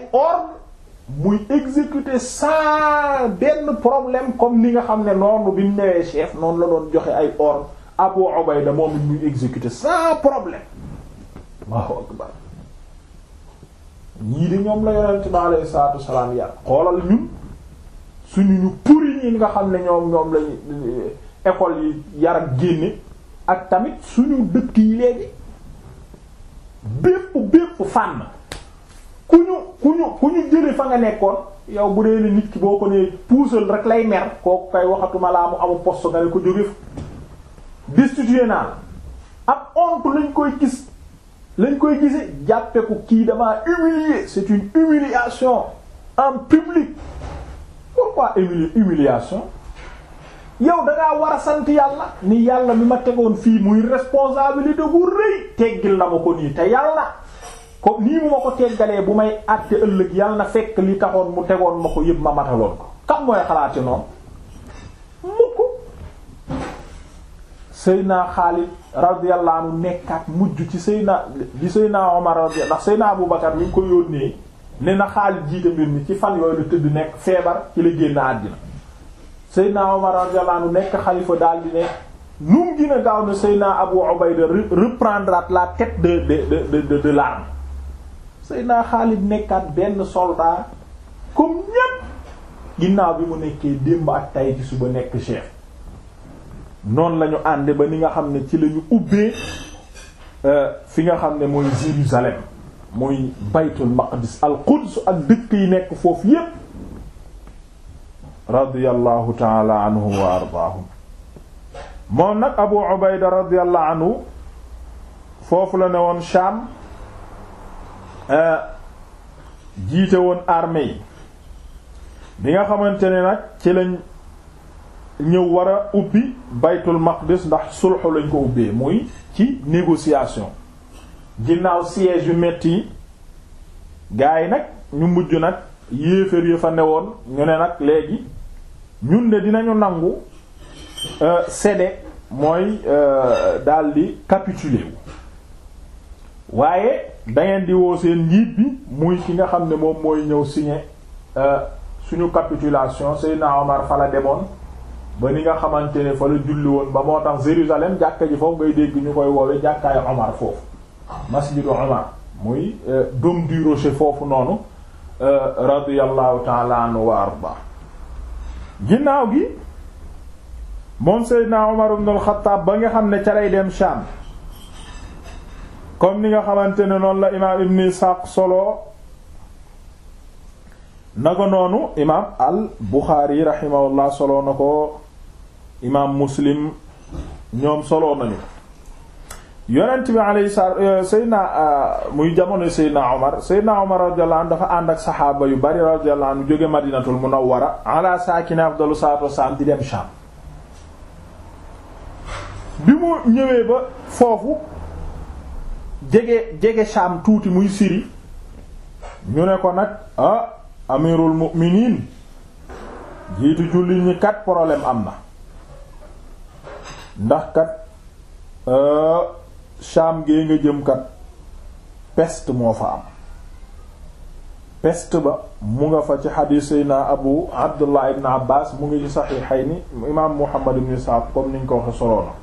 muy exécuter sans benn problème comme ni nga xam ne noonu bi mu newee chef noonu la doon joxe ay ordre Abu Ubayda moom it muy exécuter sans problème Allahu akbar ñii di ñoom la yonent bi alayhi salaatu wasalaam yar xoolal ñun suñu ñu puri ñi nga xam ne ñoom ñoom lañu école yi yar ak génne ak tamit suñu dëkk yi léegi bépp bépp fànn ku ñu ku ñu ku ñu jële fa nga nekkoon yow bu dee ni nit ki boo ko nee puusal rek lay mer kooku kay waxatuma laa mu amu poste nga ne ko jóge fa naa la ab honte lañ koy gis lañ koy gise jàppe ko kii damaa humilier c'est une humiliation en public pourquoi humiliation yow dangaa war sant yàlla ni yàlla mi ma tegoon fii muy responsabilité bu rëy teggil na ma ko nii te yàlla comme nii mu ma ko teggalee bu may àtte ëllëg yàlla na fekk li taxoon mu tegoon ma ko yëpp ma mataloon ko kam mooy xalaati noonu mukk Seydina Xaalid radiyallahu nekkaat mujj ci Seydina di Seydina Omar radiyallahu ndax Seydina Abubakar mi ngi ko yónnee ne na Xaalid jiite mbir mi ci fan yooyu la tëdd nekk feebar ci la génn àddina Seydina Omar radiyallahu nekk xalifa daal di ne nu mu gaaw na Seydina Abu Ubayda reprendre la tête de de de de l'armée Seydina Xaalid nekkaat benn soldat comme ñépp ginnaaw bi mu nekkee démb ak tay ci suba nekk chef noon lañu ñu ànd ba ni nga xam ne ci lañu ñu ubbee euh, fi nga xam ne mooy Jérusalem mooy baytul maqdis al quds ak dëkk yi nekk foofu yépp radiyallahu taala anhu wa ardaahum moom nag Abu Ubayda radiyallahu anhu foofu la ne woon Sham Euh, jiite woon armée yi bi nga xamante ne nag ci lañ ñëw wara a ubbi baytul maqdis ndax sulxu lañ ko ubbee muy ci négociation ginnaaw siège yu metti yi gaa yi nag ñu mujj nag yéeféer yi fa newoon ñu ne nag léegi ñun de dinañu nangu céder euh, mooy euh, daldi capituler waaye dangeen di woo seen njiit bi muy ki nga xam ne moom mooy ñëw signer euh, suñu capitulation Seydina Omar fa la demoon ba ni nga xamante ne fa la julli woon ba moo tax Jérusalem jàkka ji foofu ngay dégg ñu koy woowee jàkkaayu Omar foofu masjidu Omar muy euh, doom du rocher foofu noonu euh, radiyallahu ta'ala anhu wa arda ginnaaw gi moom Seydina Omar ibn al-Khattab ba nga xam ne ca lay dem Sham comme ni nga xamante ne noonu la imaam ibn Isxaaq solo na noonu imaam al Buxaari raximahullah solo na ko imaam Muslim ñoom solo nañu yonent bi alayhi salaam Seydina muy jamono Seydina Omar Seydina Omar radiyallahu anhu dafa ànd ak saxaaba yu bari radiyallahu anhu jóge Madinatul Munawwara ala saakina afdalu salaatu wassalaam di dem Sham bi mu ñëwee ba foofu jege jege Sham tuuti muy Syrie ñu ne ko nag ah amirul mu'minin jiitu jullit ñi kat problème am na ndax kat euh, Sham gee nga jëm kat peste moo fa am peste ba mu nga fa ci xadiis sayna abu abdullah ibn abbas mu ngi ci saxiixayni imaam muhammad ibn Sa'd comme niñ ko waxe soloona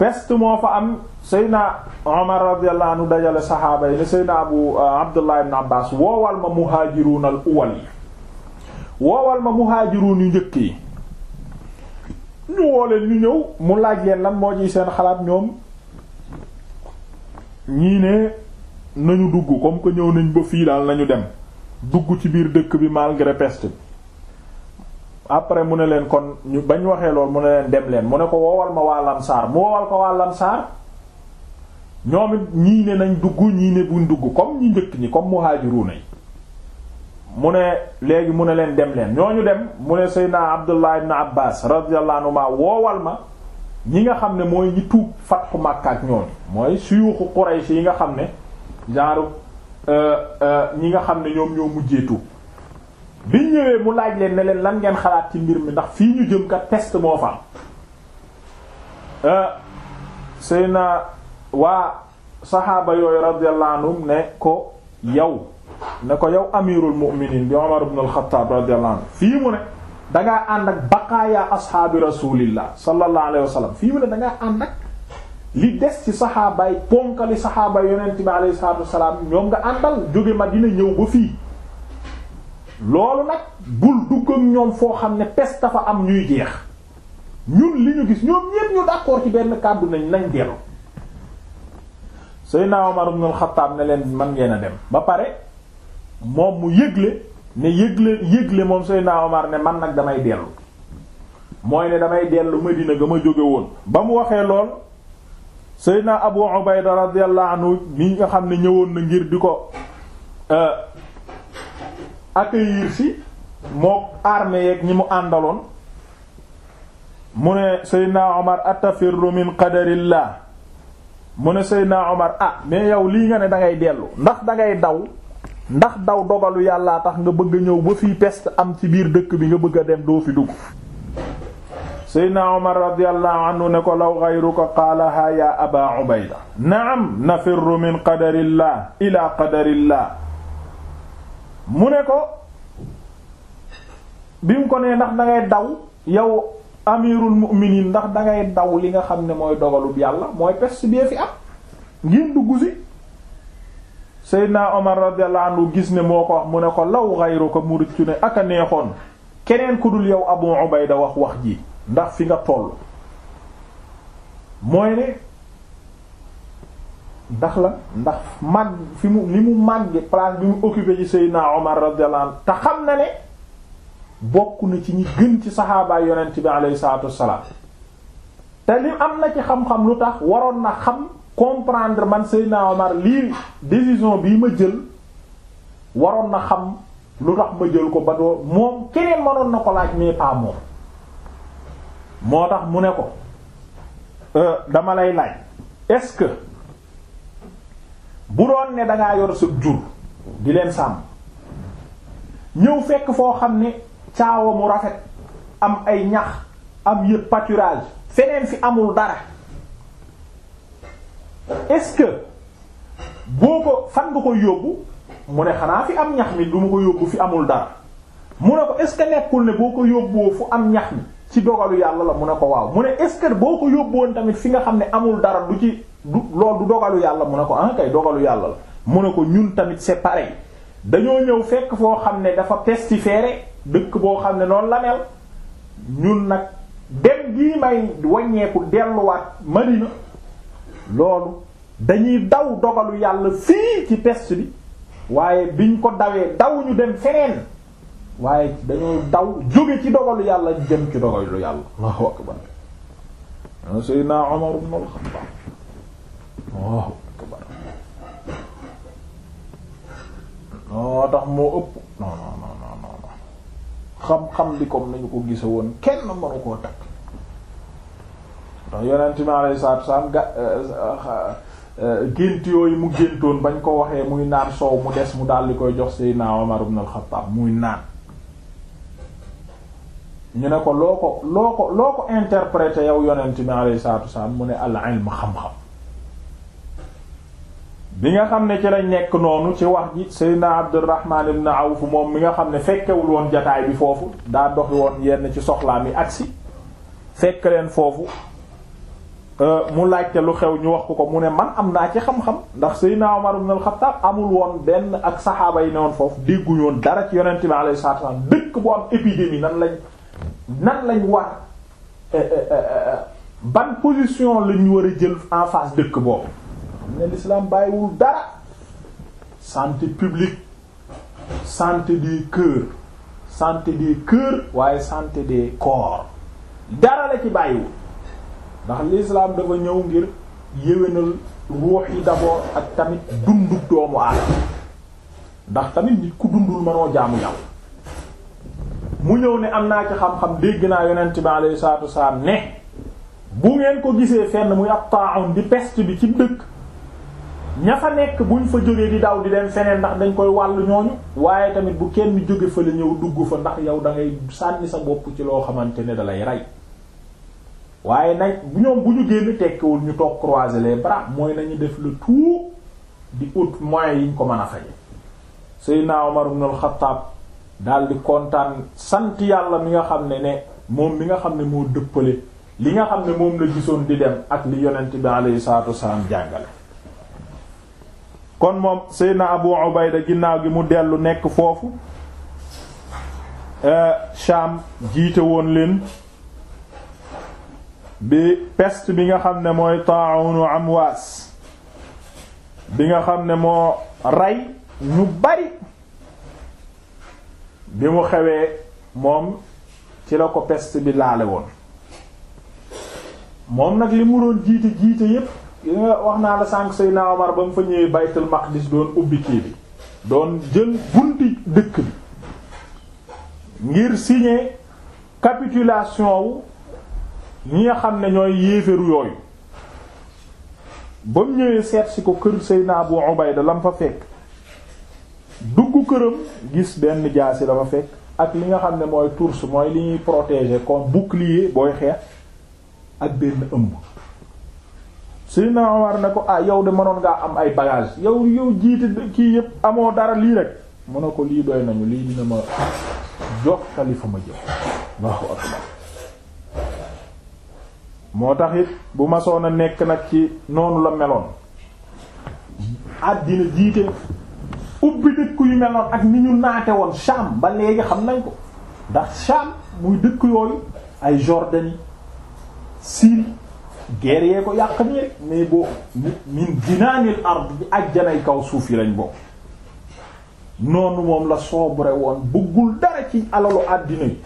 peste moo fa am Seydina Omar radiyallahu dajale saxaaba yi ne Seydina Abu euh, Abdullah ibn Abbas woowal ma muhaajiruun al uwal yi woowal ma muhaajiruun yu njëkk yi ñu woo leen ñu ñëw mu laaj leen lan moo ci seen xalaat ñoom ñii ne nañu dugg comme que ñëw nañ ba fii daal nañu dem dugg ci biir dëkk bi malgré peste après mu ne leen kon ñu bañ waxee lool mu ne leen dem leen mu ne ko woowal ma waa saar mu woowal ko waa lamsaar ñoom it ñii ne nañ dugg ñii ne buñ dugg comme ñi njëkk ñi comme muhaajiruuna yi mu ne léegi mu ne leen dem leen ñooñu dem mu ne Seydina Abdullah ibn Abbas radiyallahu anhuma woowal ma ñi nga xam ne mooy ñi tuub fatxu Makka ak ñooñu mooy suyuuxu Quraysh yi nga xam ne genre euh, euh, ñi nga xam ne ñoom ñoo mujjee tuub bi ñëwee mu laaj leen ne leen lan ngeen xalaat ci mbir mi ndax fii ñu jëm kat test moo fa am euh, na waa saxaaba yooyu radiyallahu anhum ne ko yow ne ko yow amirul mu'minin bi Umar ibn al-Khattab radiyallahu anhu fii mu ne dangaa ànd ak baqaaya ashaabi rasulillah sallallahu alayhi wa sallam fii mu ne dangaa ànd ak li des ci saxaabaay ponkali saxaabay yonent bi alayhi salaatu salaat salaam ñoom nga àndal jóge Madina ñëw ba fii loolu nag bul ak ñoom foo xam ne pes dafa am ñuy jeex ñun li ñu gis ñoom ñépp ñu d'accord ci benn kàddu nañ nañ dellu Seydina Omar ibn al-Khattab ne leen man ngeen a dem ba pare moom mu yëgle ne yëgle yëgle moom Seydina Omar ne man nag damay dellu mooy ne damay dellu Medina ga ma jóge woon ba mu waxee lool Seydina Abu Ubayda radiyallahu anhu mi nga xam ne ñëwoon na ngir di ko euh, accueillir si mook armée ñi mu àndaloon mu ne Seydina Omar atafirru min qadarillah mu ne Seydina Omar ah mais yow lii nga ne da dellu ndax dangay ngay daw ndax daw dogalu yàllaa tax nga bëgg a ñëw ba fii peste am ci biir dëkk bi nga bëgg a dem doo fi dugg Seydina Omar radiyallahu anhu ne ko law ghayruka qaalaha ya aba Ubayda naam nafirru min qadarillah ila qadarillah mu ne ko bi mu ko nee ndax da daw yow amirul mu'minin ndax da daw li nga xam ne mooy dogalub yàlla mooy peste bi fi am ngeen dugg si Seydina Omar radiyallahu anhu gis ne moo ko wax mu ne ko law ghayruka mu rëccu ne aka neexoon keneen ku dul yow Abu Ubayda wax wax ji ndax fi nga toll mooy ne ndax la ndax mag fi mu li mu màgge place bi mu occupé ci Seydina Omar radiyallahu anhu te xam na ne bokk na ci ñi gën ci saxaabaay yonent bi alayhi salaatu wassalaam te li am na ci xam-xam lu tax waroon na xam comprendre man Seydina Omar lii décision bii ma jël waroon na xam lu tax ma jël ko ba doo moom keneen mënoon na ko laaj mais pas moom moo tax mu ne ko euh, dama lay laaj est bu doon ne dangaa yor sa jur di leen sàmm ñëw fekk foo xam ne caawa mu rafet am ay ñax am yëpp pâturage feneen fi amul dara est-ce que boo ko fan nga ko yóbbu mu ne xanaa fi am ñax mi du ko yóbbu fi amul dara mu ne ko est-ce nekkul ne boo ko yóbboo fu am ñax mi ci dogalu yàlla la mu ne ko waaw mu ne est-ce que boo ko yóbboon tamit fi nga xam ne amul dara du ci du loolu du dogalu yàlla mu ne ko ah kay dogalu yàlla mu ne ko ñun tamit c'est pareil dañoo ñëw fekk foo xam ne dafa pestiféré dëkk boo xam ne noonu la mel ñun nag dem gii may wàññeeku delluwaat Madina loolu dañuy daw dogalu yàlla fii ci peste bi waaye biñ ko dawee daw ñu dem feneen waaye dañoo daw jóge ci dogalu yàlla dem ci dogalu yàlla Allahu akbar Seydina Umar ibn al-Khattab Allahu oh, akbar tax oh, moo ëpp non non non non non xam-xam bi comme nañu ko gise woon kenn mënu koo takk ndax yonent mi alayhi salaatu ga euh, euh, gént yooyu mu géntoon bañ ko waxee muy naan soow mu des mu daal di koy jox Seydina Omar ibn al muy naan ñu ne ko loo ko loo ko loo ko interprété yow yonent mi alayhi salaatu salaam mu ne al ilm xam-xam bi nga xam ne ci lañ nekk noonu ci wax ji Seydina Abdurrahman ibn Awf moom mi nga xam ne fekkewul woon jataay bi foofu daa doxi woon yenn ci soxlaa mi agsi fekk leen foofu euh, mu laajte lu xew ñu wax ko ko mu ne man am naa ci xam-xam ndax Seydina Umar na al-Khattab amul woon benn ak saxaaba yi ne woon foofu dégguñu woon dara ci yonent bi alayhi salaatu wasallam dëkk bu am épidémie nan lañ nan lañ war euh, euh, ban position lañ war a jël en dëkk boobu ne l'islam bàyyiwul dara santé publique santé du cœur santé des cœurs waaye santé de corps dara la ci bàyyiwul ndax l'islam dafa ñëw ngir yéwénal ruux yi d'abord ak tamit dundu doomu aadama ndax tamit nit ku dundul mënoo jaamu yàlla mu ñëw ne am naa ci xam-xam dégg naa yonent bi alayhi salaatu wasalaam ne bu ngeen ko gisee fenn muy ab taa'un di peste bi ci dëkk ña fa nekk bu ñu fa jógee di daw di dem feneen ndax dañ koy wàll ñooñu waaye tamit bu kenn jóge fa la ñëw dugg fa ndax yow da sànni sa bopp ci loo xamante ne da lay rey waaye nag ñoom bu ñu génn tekkiwul ñu toog croiser les bras mooy nañu def le tout di ut moyens yiñ ko mën a faje Seydina naaw ibn al-Khattab daal di kontaan sant yàlla mi nga xam ne ne moom mi nga xam ne moo dëppale li nga xam ne moom la gisoon di dem ak li yonent bi alayhi salaatu wasalaam jàngale kon moom seydna abu ubayda ginnaaw gi mu dellu nekk foofu Sham euh, jiite woon leen bi pest bi nga xam ne mooy taawunu amwaas bi nga xam ne moo ray ñu bari bi mu xewee moom ci la ko pest bi laale woon moom nag li mu doon jiite jiite yépp wax naa la sànq Seydina Omar ba mu fa ñëwee baytul maqdis doon ubbi kii bi doon jël bunti dëkk bi ngir signer capitulation wu ñi nga xam ne ñooy yéeferu yooyu ba mu ñëwee seet si ko kër Seydina Abu Ubayda la mu fa fekk dugg këram gis benn jaasi la fa fekk ak li nga xam ne mooy tours mooy li ñuy protéger comme bouclier booy xeex ak benn ëmb Seydina Omar na ko ah yow de mënoon ngaa am ay bagage yow yow jiite kii yëpp amoo dara lii rek mu ne ko lii doy nañu lii dina ma jox tali ma jëm moo taxit bu masoon a nekk nag ci noonu la meloon àddina jiite ubbi dëkk yu meloon ak ni ñu naate woon Sham ba léegi xam nañ ko ndax Sham muy dëkk yooyu ay Jordanie Syrie guerre yee ko yàq nii rek mais boo min dinaanil ard bi ajjanay kaw suuf yi lañ bokk noonu moom la soobre woon bëggul dara ci alalu àddina yi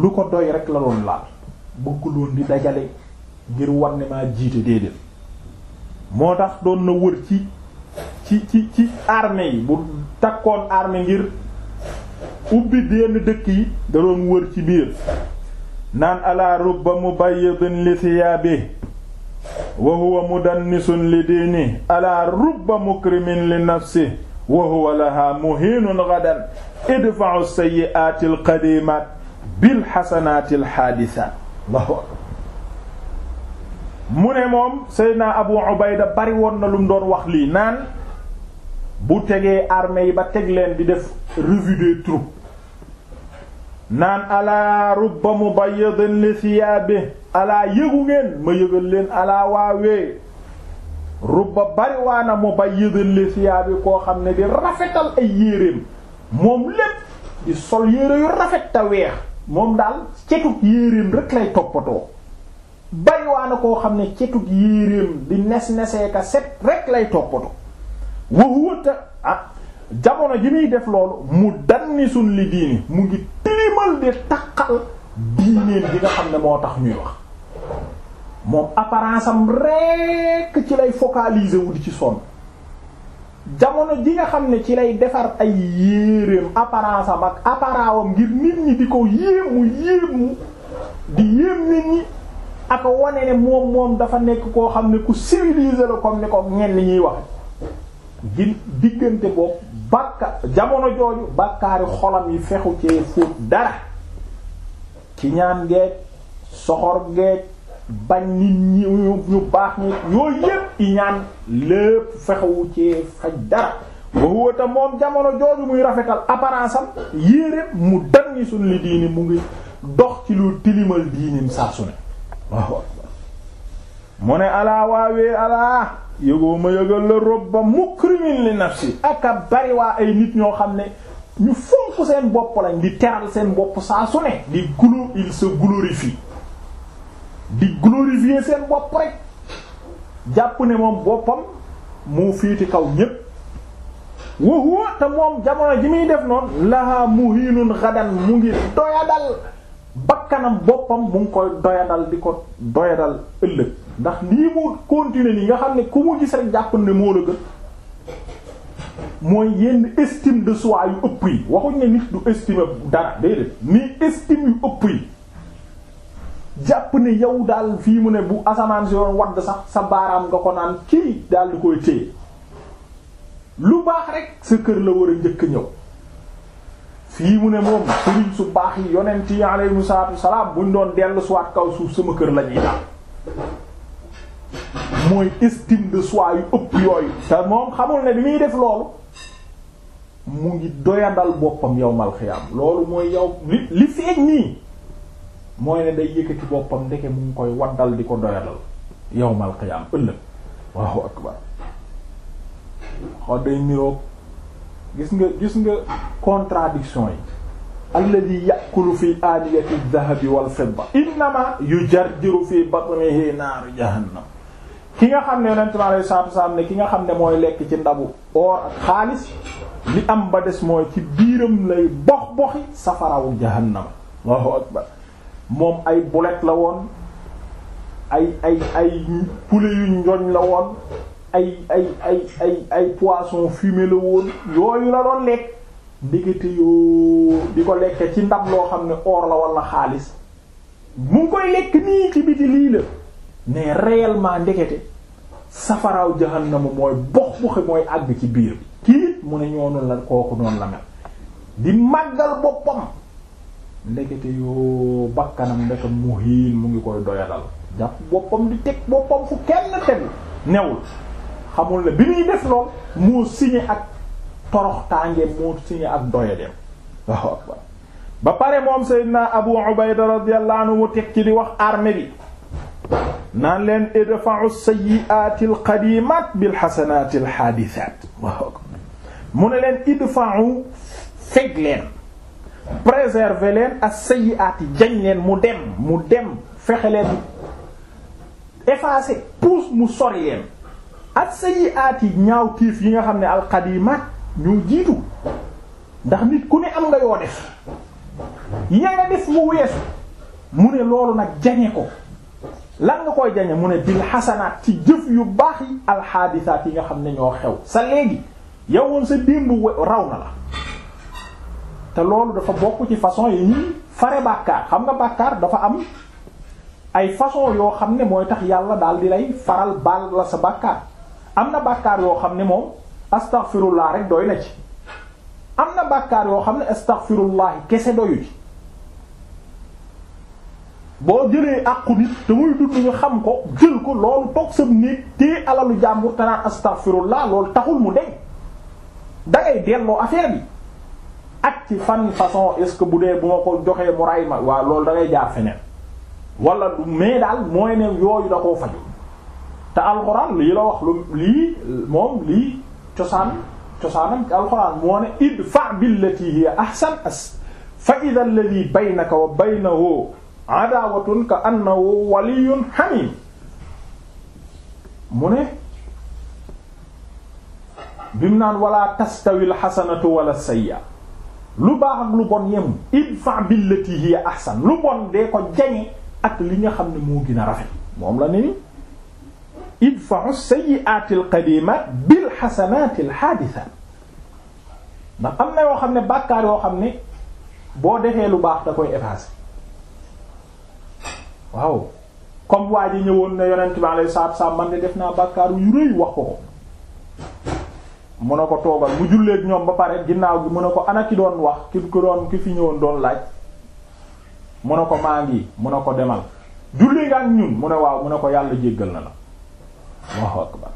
lu ko doy rek la doon laal bëggul woon di dajale ngir war ne maa jiite déedéet moo tax doon na wër ci ci ci ci armée yi bu takkoon armée ngir ubbi benn dëkk yi da doon wër ci biir naan alaa rubba mubayyidin li thiyaabi wa huwa mudannisun li diini alaa rubba mukrimin li nafsi wa huwa lahaa muhiinun gadan idfa'u sayyi'aati alqadiimaat bil xasanaati alxaadisaat mu ne moom Seydina Abu Ubayda bari woon na lu mu wax lii naan bu tegee armée yi ba teg leen di def revue des naan alaa rubba mubayyadin li thiyaabi alaa yëgu ngeen ma yëgal leen alaa waawee rubba bariwaana mubayyadin li thiyaabi koo xam ne di rafetal ay yéreem moom lépp di sol yére rafet ta weex moom daal cetug yéreem rek lay toppatoo bariwaana koo xam ne cetug yéreem di nes neseeka set rek lay toppatoo wa ah jamono ji muy def loolu mu dannisun li diini mu ngi tilimal de takkal diineen bi nga xam ne moo tax ñuy wax moom apparence am rekk ci lay focaliser wu di ci sonn jamono ji nga xam ne ci lay defar ay yéeréem apparence am ak apparawam ngir nit ñi di ko yéemu yéemu di yéem nit ñi ak wane ne moom moom dafa nekk koo xam ne ku civilisé la comme ni ko ñenn ñuy wax di diggante boobu bàkka jamono jooju bàkkaari xolam yi fexu ci fóot dara ci ñaan geeg soxor geeg bañ nit ñi ñu baax ñi yooyu yépp i lépp fexewu ci faj dara wawóota moom jamono jooju muy rafetal apparence am yéere mu danni suñ li diini mu ngi dox ci lu tilimal diinim saa su mu ne alaa waawee alaa yëgoo ma yëgal la robba mukrimin li nafsi ak a bari waa ay nit ñoo xam ne ñu fonk seen bopp lañ di teral seen bopp saa su ne di glo il se glorifie di glorifier seen bopp rek jàpp ne moom boppam mu fiiti kaw ñépp wa te moom jamono ji muy def noonu mu muhinun xadan mu ngi doyadal bakkanam boppam mu ngi koy doyadal di ko doyadal ëllëg ndax nii mu continuer nii nga xam ne ku mu gis rek jàpp ne moo la gën mooy yenn estime de soi yu ëpp yi waxuñ ne nit du estime dara déedéet nii estime yu ëpp yi jàpp ne yow daal fii mu ne bu asamaan si yoon wadd sax sa baaraam nga ko naan kii daal di koy téye lu baax rek sa kër la war a njëkk ñëw fii mu ne moom sëriñ su baax yi yonent yi aleyhimu salaatu wasalaam buñ doon dell suwaat kaw suuf sama kër la ñuy daal mooy estime de soi yu ëpp yooyu te moom xamul ne bi muy def loolu mu ngi doyadal boppam yowmal xiyaam loolu mooy yow li li feeñ nii mooy ne day yëkkati boppam ndeke mu ngi koy waddal di ko doyadal yowmal xiyaam ëllëg waaw akbar xaw day niroog gis nga gis nga contradiction yi alladi yàqulu fi aaniyati dahabi wal fidda innama yujarjiru fi batnihi naaru jahannam ki nga xam ne yonent mi alayhi salaatu ki nga xam ne mooy lekk ci ndabu or ak xaalis li am ba des mooy ci biiram lay box boxi safarawu jahannama allahu moom ay bulet la woon ay ay ay poulet yu njoñ la woon ay ay ay ay ay poisson fumé la woon yooyu la doon lekk ndekete yoo di ko lekk ci ndab loo xam ne or la walla xaalis mu ngi koy lekk nii ci biti lii la mais réellement ndekete safaraaw jahannamu mooy box boxe mooy àgg ci biir bi mu ne ñoonu la kooku noonu la mel di màggal boppam ndekete yoo bakkanam ndeke muhiin mu ngi koy doyadal jàpp boppam di teg boppam fu kenn tegu newul xamul ne bi muy def lool moo signé ak torox tànge moo signé ak doyadeem waaw ba pare moom Seydina Abu Ubayda radiyallahu anhu mu teg ci di wax armée bi naan leen idfa'u sayyi'ati alqadimat bilxasanati alxaadisat mu ne leen idfa'u feg leen préserver leen as-sayyi'ati jañ leen mu dem mu dem fexe leen effacer pousse mu sori leen as-sayyi'ati ñaaw yi nga xam ne alqadimat ñu jiitu ndax nit ku ne am nga yoo def ya nga def mu weesu mu ne loolu nag jañe ko lan nga koy jañe mu ne bil xasanaat ci jëf yu baax yi alxaadisaat yi nga xam ne ñoo xew sa léegi yow woon sa démb raw na la te loolu dafa bokk ci façon yi ñuy fare bàkkaar xam nga bàkkaar dafa am ay façon yoo xam ne mooy tax yàlla daal di lay faral baal la sa bàkkaar am na bàkkaar yoo xam ne moom astaghfirullah rek doy na ci am na bàkkaar yoo xam ne astaghfirullah kese doyu ci boo jëlee àqu nit te muy dund ñu xam ko jël ko loolu toog sa nit te alalu jàmbur te naan astaghfirullah loolu taxul mu deñ dangay delloo affaire bi ak ci fan façon est-ce que bu dee bu ma ko joxee mu ray ma waaw loolu dangay jaar feneen wala du daal mooy ne yooyu da koo faju te alxuraan lii la wax lu lii moom lii cosaan cosaanam alxuraan moo ne idfa billati hiya ahsan as fa idha alladhi baynaka wa baynahu adaawatun ka annahu waliyun hamim mu ne bi mu naan wala tastawil xasanatu wala sayya lu baax ak lu bon yem idfa billati hiya ahsan lu bon dee ko jañe ak li nga xam ne moo gën rafet moom la ni idfa'u sayyi'ati al-qadimat bil hasanati al-haditha ndax am na yoo xam ne bàkkaar yoo xam ne boo defee lu baax da koy effacer waaw comme waa ji ñëwoon ne yonent bi alayhi salaatu salaam man de def naa bàkkaar yu rëy wax ko ko mun a ko toogal mu julleeg ñoom ba pare ginnaaw bi mun a ko ana doon wax ki ko doon ki fi ñëwoon doon laaj mun a ko maa ngi mun a ko demal julli nga ak ñun mu ne waaw mu ne ko yàlla jéggal na la Allahu akbar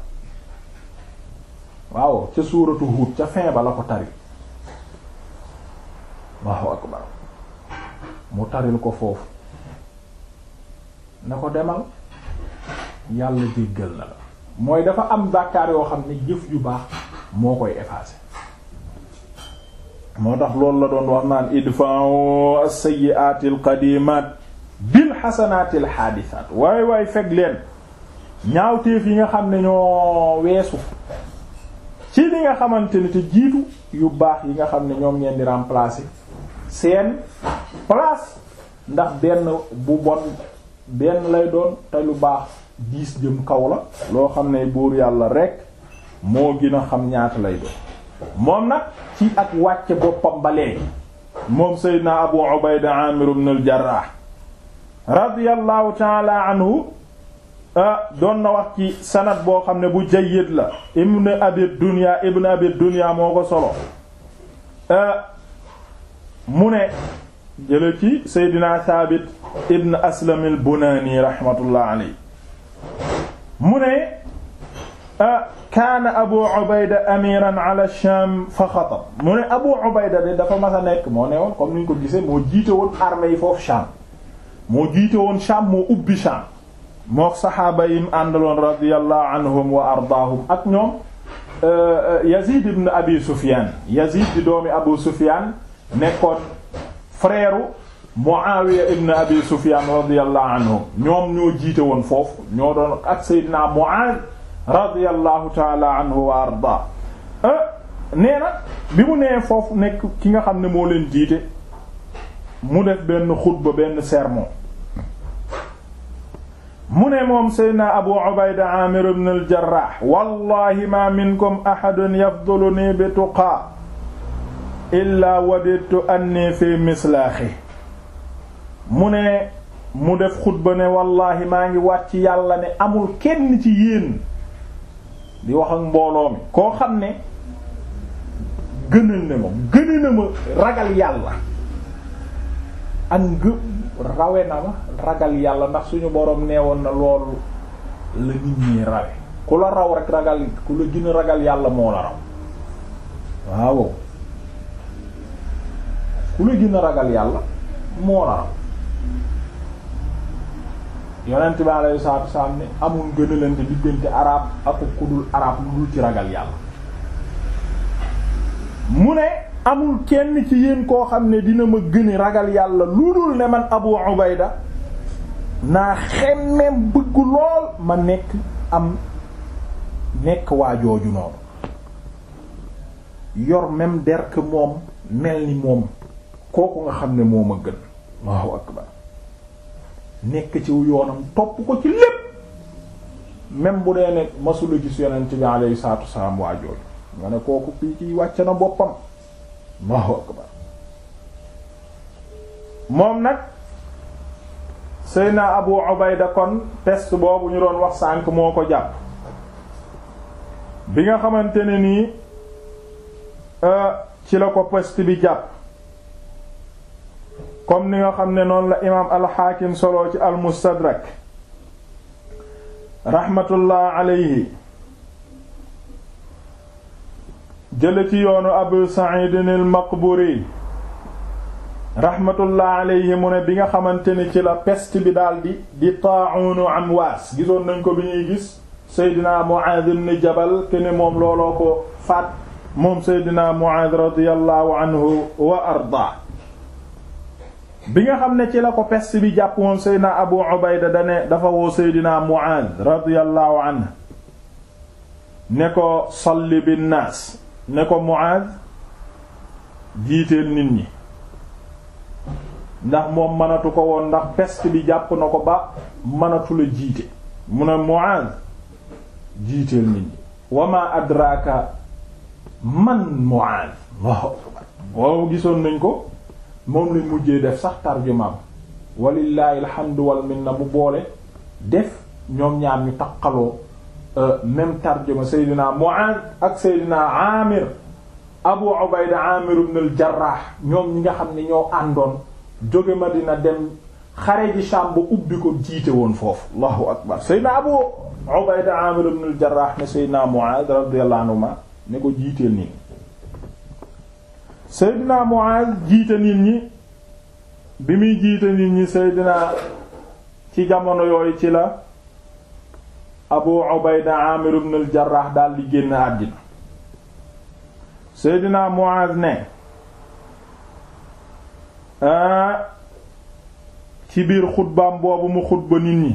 waaw ca suuratu Huud ca fin ba la ko tari Allahu akbar mu taril ko foofu na ko demal yàlla jéggal na la mooy dafa am bàkkaar yoo xam ne jëf yu baax moo koy effacer moo tax loolu la doon wax naan idfa'u as-sayyi'ati al-qadimat bil hasanati waay waay fekk leen ñaawteef yi nga xam ne ñoo weesu ci li nga xamante ni te jiitu yu baax yi nga xam ne ñoom ngeen di remplacer seen place ndax benn bu bon benn lay doon te lu baax diis jëm kaw la loo xam ne buur yàlla rekk moo gën a xam ñaata lay doon moom nag ci ak wàcce boppam ba léegi moom Seydina Abu Ubayda Amir ibn al-Jarrah radiyallahu anhu ah, doon na wax ci sanad boo xam ne bu jayyid la ibn abi dunya ibn abi dunya moo ko solo ah, mu ne jële ci seydina thabit ibn aslam al bunani rahmatullah aley mu ne kaana abu ubayda amiran ala sham fa xatab mu ne abu ubayda de dafa mas a nekk moo ne woon comme ni ñu ko gisee moo jiite woon armée yi foofu sham moo jiite woon sham moo ubbi sham moo saxaaba yim àndaloon radiyallahu anhum wa ardaahum ak ñoom euh, euh, yazid ibn abi sufyan yazid di doomi abu sufyan nekkoon frère Muawiya ibn Abi Sufyan radiyallahu anhu ñoom ñoo jiite woon foofu ñoo doon ak Seydina Muaz radiyallahu taala anhu wa arda euh, nee na bi mu nee foofu nekk ki nga xam ne moo leen jiite mu def benn xutba benn sermon mu ne moom Seydina Abu Ubayda Amir ibn al-Jarrah wallahi ma minkum ahadun yafduluni bi tuqa illaa wadittu anni fi mislaaxi mu ne mu def xutba ne wallaahi maa ngi wàcc yàlla ne amul kenn ci yéen di wax ak mbooloo mi koo xam ne gënal na ma gënal na ma ragal yàlla ak ngë rawe na ma ragal yàlla ndax suñu boroom nee woon na loolu la nit ñi rawe ku la raw rek ragal ku la gën ragal yàlla moo la raw waaw ku la gën a ragal yàlla moo la raw yonent bi alayhi salaatu wasalaam ne amul gënalante diggante arab ak ku dul arab lu dul ci ragal yàlla mu ne amul kenn ci yéen koo xam ne dina ma gëne ragal yàlla lu dul ne man Abu Ubayda naa xemmeem bëggu lool ma nekk am nekk waa jooju noonu yor même der moom mel ni moom kooku nga xam ne moo ma gën Allahu akbar nekk ci yoonam topp ko ci lépp même bu dee ne masula gis yonent ci alayhi salaatu wassalaam waa jooju nga ne kooku kii kii wàcc na boppam Allahu akbar moom nag Seyna Abu Ubayda kon pest boobu ñu doon wax sànk moo ko jàpp bi nga xamante ne nii euh, ci la ko peste bi jàpp comme ni nga xam ne noonu la imaam alxaakim solo ci almustadrak raxmatullah alayhi ci yoonu abu saidin al maqburi raxmatullah alayhi mu ne bi nga xamante ni ci la peste bi daldi di taaxuunu amwaas gisoon nañ ko bi ñuy gis seydina muaaz ibn jabal ke ne moom looloo ko faat moom seydina muaaz radiyallahu anhu wa ardaa bi nga xam ne ci la ko pest bi jàpp moom seydina abu ubayda dane dafa woo seydina muaaz radiyallahu anhu ne ko salli binnaas ne ko muaaz jiiteel nit ñi ndax moom mënatu ko woon ndax pest bi jàpp na ko ba mënatula la jiite mu ne muaaz jiiteel nit ñi wa ma adraka man muaaz waaw gisoon nañ ko moom lañ mujjee def sax tarjumaam walillahi alhamdu wal na mu boole def ñoom ñaar ñu taqaloo euh, même tarjuma Seydina Mu'aaz ak Seydina Amir Abu Ubayda Amir ibn al ñoom ñi nga xam ne ñoo àndoon jóge Madina dem xare ji Sham ba ubbi ko jiite woon foofu Allahu akbar Seydina Abu Ubayda Amir ibn al ne Seydina Mu'aaz radiyallahu anhu ne ko jiiteel nii Seydina Muaz jiite nit ñi bi muy jiite nit ñi Seydina ci jamono yooyu ci la Abu Ubayda Amir ibn al-Jarrah di génn àddina Seydina Muaz ne ah, ci biir xutbaam boobu mu xutba nit ñi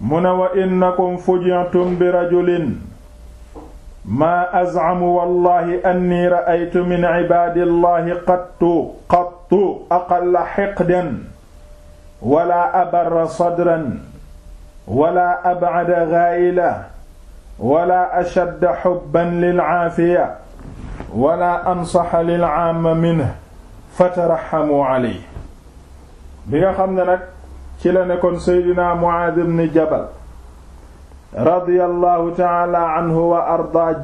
mu ne wa innakum fuji'tum bi rajulin maa az'amu wallahi anni ra'aytu min ibaadillahi qattu qattu aqalla hiqdan wala abarra sadran wala ab'ada ghaayila wala ashadda hubban lil aafiya wala ansaha lil aamma minhu fatarahamu alayhi bi nga xam ne nag ci la nekkoon Seydina Muaaz ibn Jabal radiyallahu taala anhu wa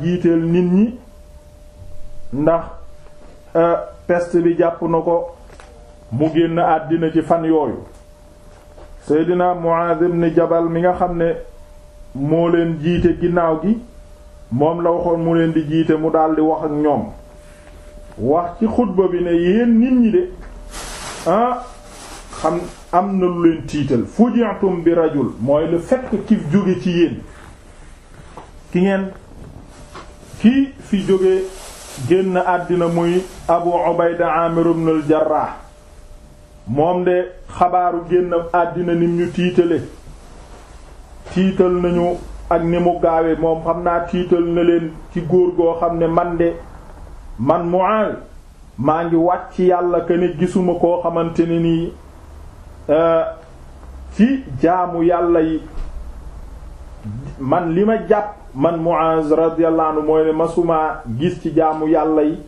jiiteel nit ñi ndax euh, peste bi jàpp na ko mu génn àddina ci fan yooyu seydina Muaaz ibn Jabal mi nga xam ne moo leen jiite ginnaaw gi moom la waxoon mu leen di jiite mu daldi wax ak ñoom wax ci xutba bi ne yéen nit ñi de ah xam am na lu leen tiital fuji'tum bi rajul mooy le fait que ki jóge ci yéen ki ngeen ki fi jóge génn àddina muy Abu Ubayda Amir ibn al moom de xabaaru génn àddina nim ñu tiitale tiital nañu ak ni mu gaawe moom xam naa tiital na leen ci góor goo xam ne man de man Mu'aaz maa ngi wàcc yàlla que ne gisuma koo xamante ne nii Euh, ci jaamu yàlla yi man li ma jàpp man Muaz radiyallahu anhu mooy ne masuma gis ci jaamu yàlla yi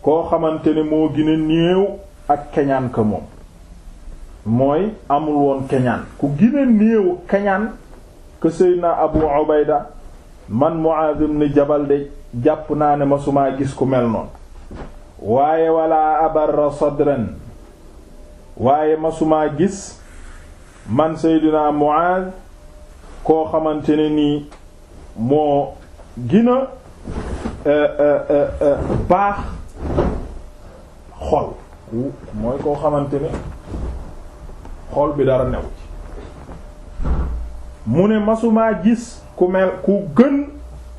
koo xamante ne moo gën néew ak keñaan ka moom mooy amul woon keñaan ku gën néew keñaan que na Abu Ubayda man Muaz ibn Jabal de jàpp naa ne ma masuma gis ku mel noonu waaye wala abarra sadran waaye masumaa gis man Seydina Muaaz koo xamante ne nii moo gina eh, eh, eh, baax xol mooy koo xamante ne xol bi dara new ci mu ne masumaa gis ku mel ku gën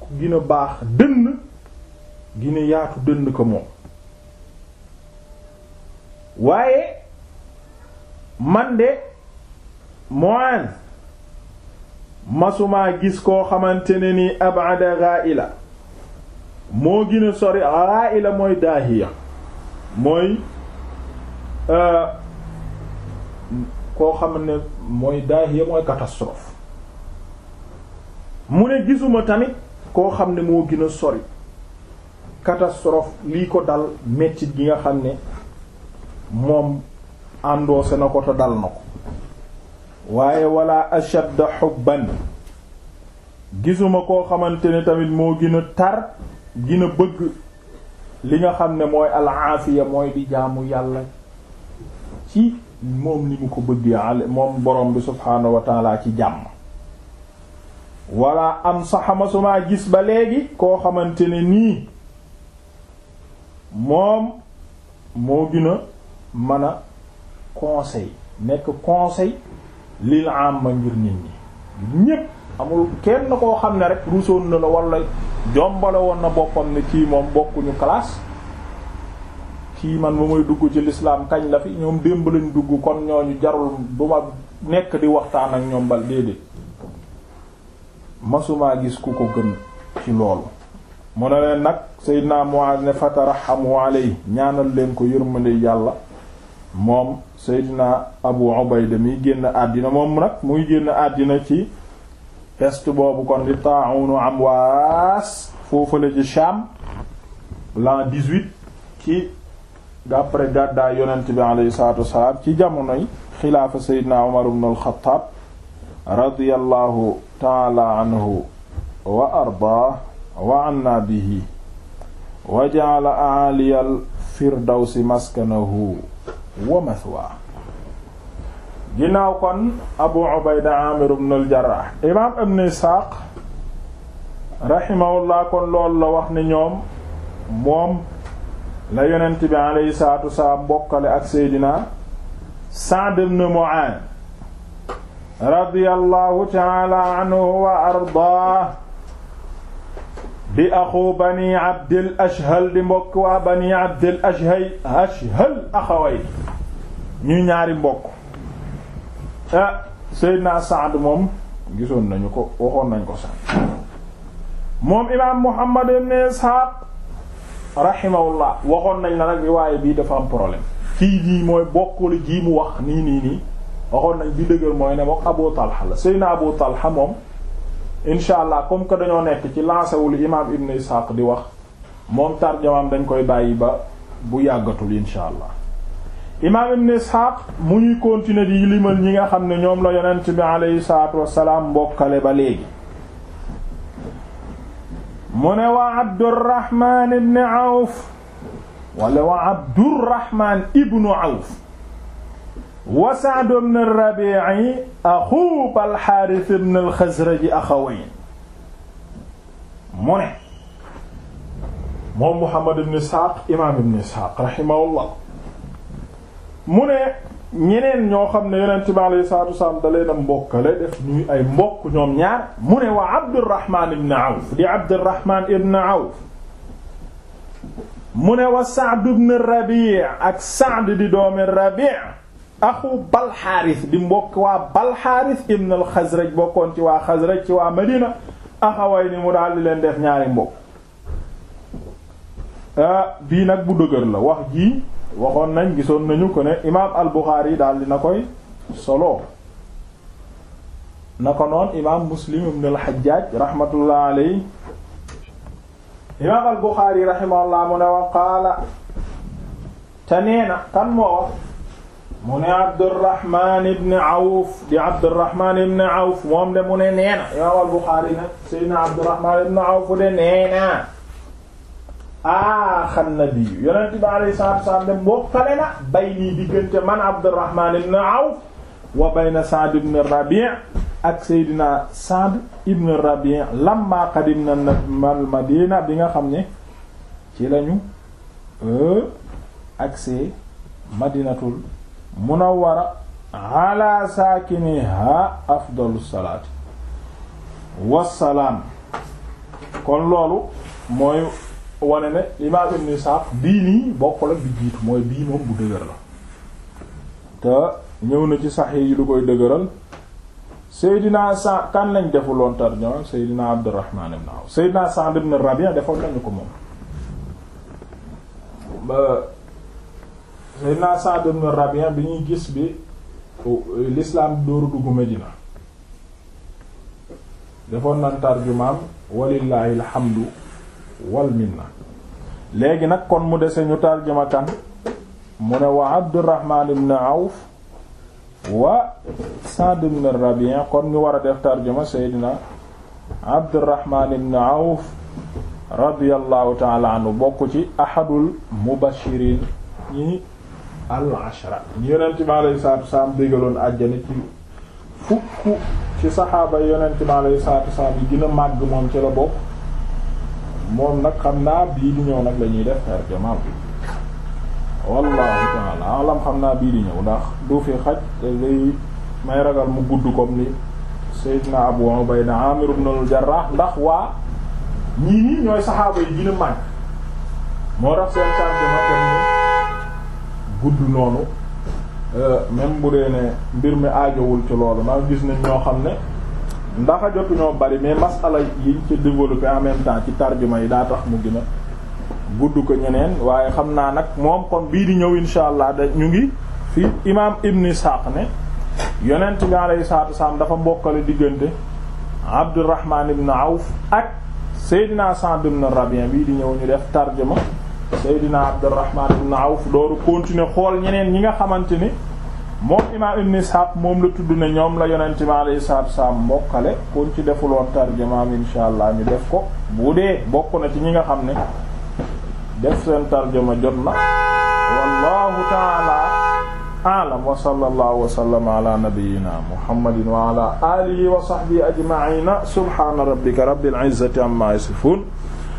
ku gina baax dënn gina yaatu dënn ko moom waaye man de Mu'aaz masumaa gis koo xamante ne ni abada ghaila moo gën a sori ghaila mooy daahiya mooy euh, koo xam ne mooy daahiya mooy catastrophe mu ne gisuma tamit koo xam ne moo gën a sori catastrophe lii ko dal metti gi nga xam ne moom endossé na ko te dal na ko waaye wala ashadda xubban gisuma koo xamante ne tamit moo gën a tar gina bëgg li nga xam ne mooy alaafiya mooy di jaamu yàlla ci moom ni mu ko bëgg moom borom bi subhaanahu wa ci jàmm wala am saxama suma gis ba léegi koo xamante ne nii moom moo gën a conseil nekk conseil lil amma ngir nit ñi ñépp amul kenn koo xam ne rek ruusoon na la wala jombale woon na boppam ne kii moom bokkuñu classe kii man ba may dugg ci lislaam kañ la fi ñoom démb lañ dugg kon ñooñu jarul du ma nekk di waxtaan ak ñoom bal déedéet masumaa gis ku ko gën ci loolu mu ne leen nag Seydina Muaz ne fatarahamu yi ñaanal leen ko yërmande yàlla moom Seydina Abu Ubayda miy génn àddina moom nag muy génn àddina ci peste boobu kon di taawunu Amwaas foofale ci Sham l'an 18 ci d'après gàddaay yonent bi alayhi salaatu wassalaam ci jamonoy xilaafa Seydina Umar ibn al-Khattab taala anhu wa ardaah wa anna bihi wa ja'ala a'aliyal maskanahu wa mathwa ginnaaw kon abu ubayda amir ibn jarrah imaam ibn isxaaq rahimahullah kon loolu la wax ne ñoom moom la yonent bi alayhi salaatu ak seydina sa'd ibn mu'aaz radiyallahu ta'ala anhu wa ardaah di axu bani abdil ashhal di mbokk wa bani abdil ashhay ashhal axaway ñuy ñaari mbokk ah Seydina Saad moom gisoon nañu ko waxoon nañ ko sax moom imaam Muhammad ibn Ishaq rahimahullah waxoon nañ la nag riwaaye bii dafa am problème kii nii mooy bokkul ji mu wax nii nii nii waxoon nañ bi dëgër mooy ne moom Abu Talha la Seydina Abu Talha moom incha allah comme que dañoo nekk ci lancewul imaam ibn ishaq di wax moom tarjamaam dañ koy bàyyi ba bu yàggatul incha allah imaam ibn ishaq mu ñuy continuer di limal ñi nga xam ne ñoom la yonent bi aleyhi salaatu wassalaam mbokkale ba léegi mu ne wa abdurrahman ibn awf wala wa abdurrahman ibnu awf wa Sa'd ibn Rabi'i axu al-Harith ibn al-Khazraj axawayn mu ne moom Muhammad ibn Ishaq imaam ibn Ishaq rahimahullah mu ne ñeneen ñoo xam ne yonent bi alayhi salaatu wasalaam da leen a mbokkale def ñuy ay mbokk ñoom ñaar mu ne waa Abdurrahman ibn Awf di Abdurrahman ibn Awf mu ne wa Sa'd ibn Rabi' ak Sa'd di doomi Rabi' axu balxaaris di mbokk waa balxaaris ibn al xasraj bokkoon ci waa xasraj ci waa madina axaway ni mu daal di leen def ñaari mbokk ah, bii nag bu dëgër la wax jii waxoon nañ gisoon nañu ko ne imaam al buxaari yi daal koy solo na ko noon imaam muslim ibn al xajjaaj rahmatullah aley imaam al buxaari rahimahullah mu ne wa qaala te nee na kan moo wax mu ne Abdurrahman ibn Awf di Abdurrahman ibn Awf moom de mu ne neena imaam al-Buxaari nag Seydina Abdurrahman ibn Awf de neena aaxan nabi yonent bi alayhi salaatu wa salaam de mbokkale na bay nii diggante man Abdurrahman ibn Awf wa bayna Sa'd ibn Rabi' ak Seydina Sa'd ibn Rabi' lamma qadimna al-Madina bi nga xam ne ci lañu euh, agsee Madinatul war la ala saakiniha afdalu salaati wassalaam kon loolu mooy wane ne imaam ibn Isaaq bii nii bokk la bi jiitu mooy bii moom bu dëgër la te ñëw na ci sax yi lu koy dëgëral Seydina Sa kan lañ defuloon tarjuma Seydina Abdurrahman ibn Awf Seydina Sa'd ibn Rabi' defoon nañu ko moom Seydina Sa'd ibn Rabi'a bi ñu gis bi l'islam dooru dugg Medina defoon nan tarjumaam walillaahi alhamdu wal léegi nag kon mu dese ñu tarjuma kan mu ne wa Abdurrahman ibn Awf wa Sa'd ibn Rabi'a kon ñu war a def tarjuma Seydina Abdurrahman ibn Awf radiyallahu ta'ala anhu bokk ci ahadul mubashirin ñi al ashra ñu yonent bi alayhi salaatu wasalaam bégaloon àjjana ci fukk ci saxaaba yonent bi alayhi salaatu wasalaam yi gën a màgg moom ci la bokk moom nag xam naa bii di ñëw la ñuy def tarjama bi di ñëw ndax du fi xaj te lay may ragal mu gudd comme ni Seydina Abu Ubayda Amir ibn al-Jarrah ndax waa ñii ñooy saxaaba yi gën a màgg moo tax seen tarjama gudd noonu euh, même bu dee ne mbir mi aajowul ci loolu ndax gis nañ ñoo xam ne ndax a jotu ñoo bari mais masala yiñ ci développé en même temps ci tarjuma yi daa tax mu gën gudd ko ñeneen waaye xam naa nag moom kon bii di ñëw insha allah da ñu ngi fi imaam Ibn Ishaq ne yonent bi alayhi salaatu wasalaam dafa mbokkale diggante Abdurrahman ibn Awf ak na Sa'd ibn Rabi'a bii di ñëw ñu def tarjuma Seydina Abdurrahman ibn Awf dooru continuer xool ñeneen ñi nga xamante ni moom imaam ibn Ishaq moom la tudd ne ñoom la yonent mi alayhi salaatu salaam mbokkale kon ci defuloon tarjamaam insha allah ñu def ko bu dee bokk na ci ñi nga xam ne def seen ma jot na wallahu ta'ala a'lam wa sallallahu wa sallama ala nabiyyina muhammadin wa ala alihi wa sahbihi ajma'ina subhana rabbika rabbil izzati amma yasifun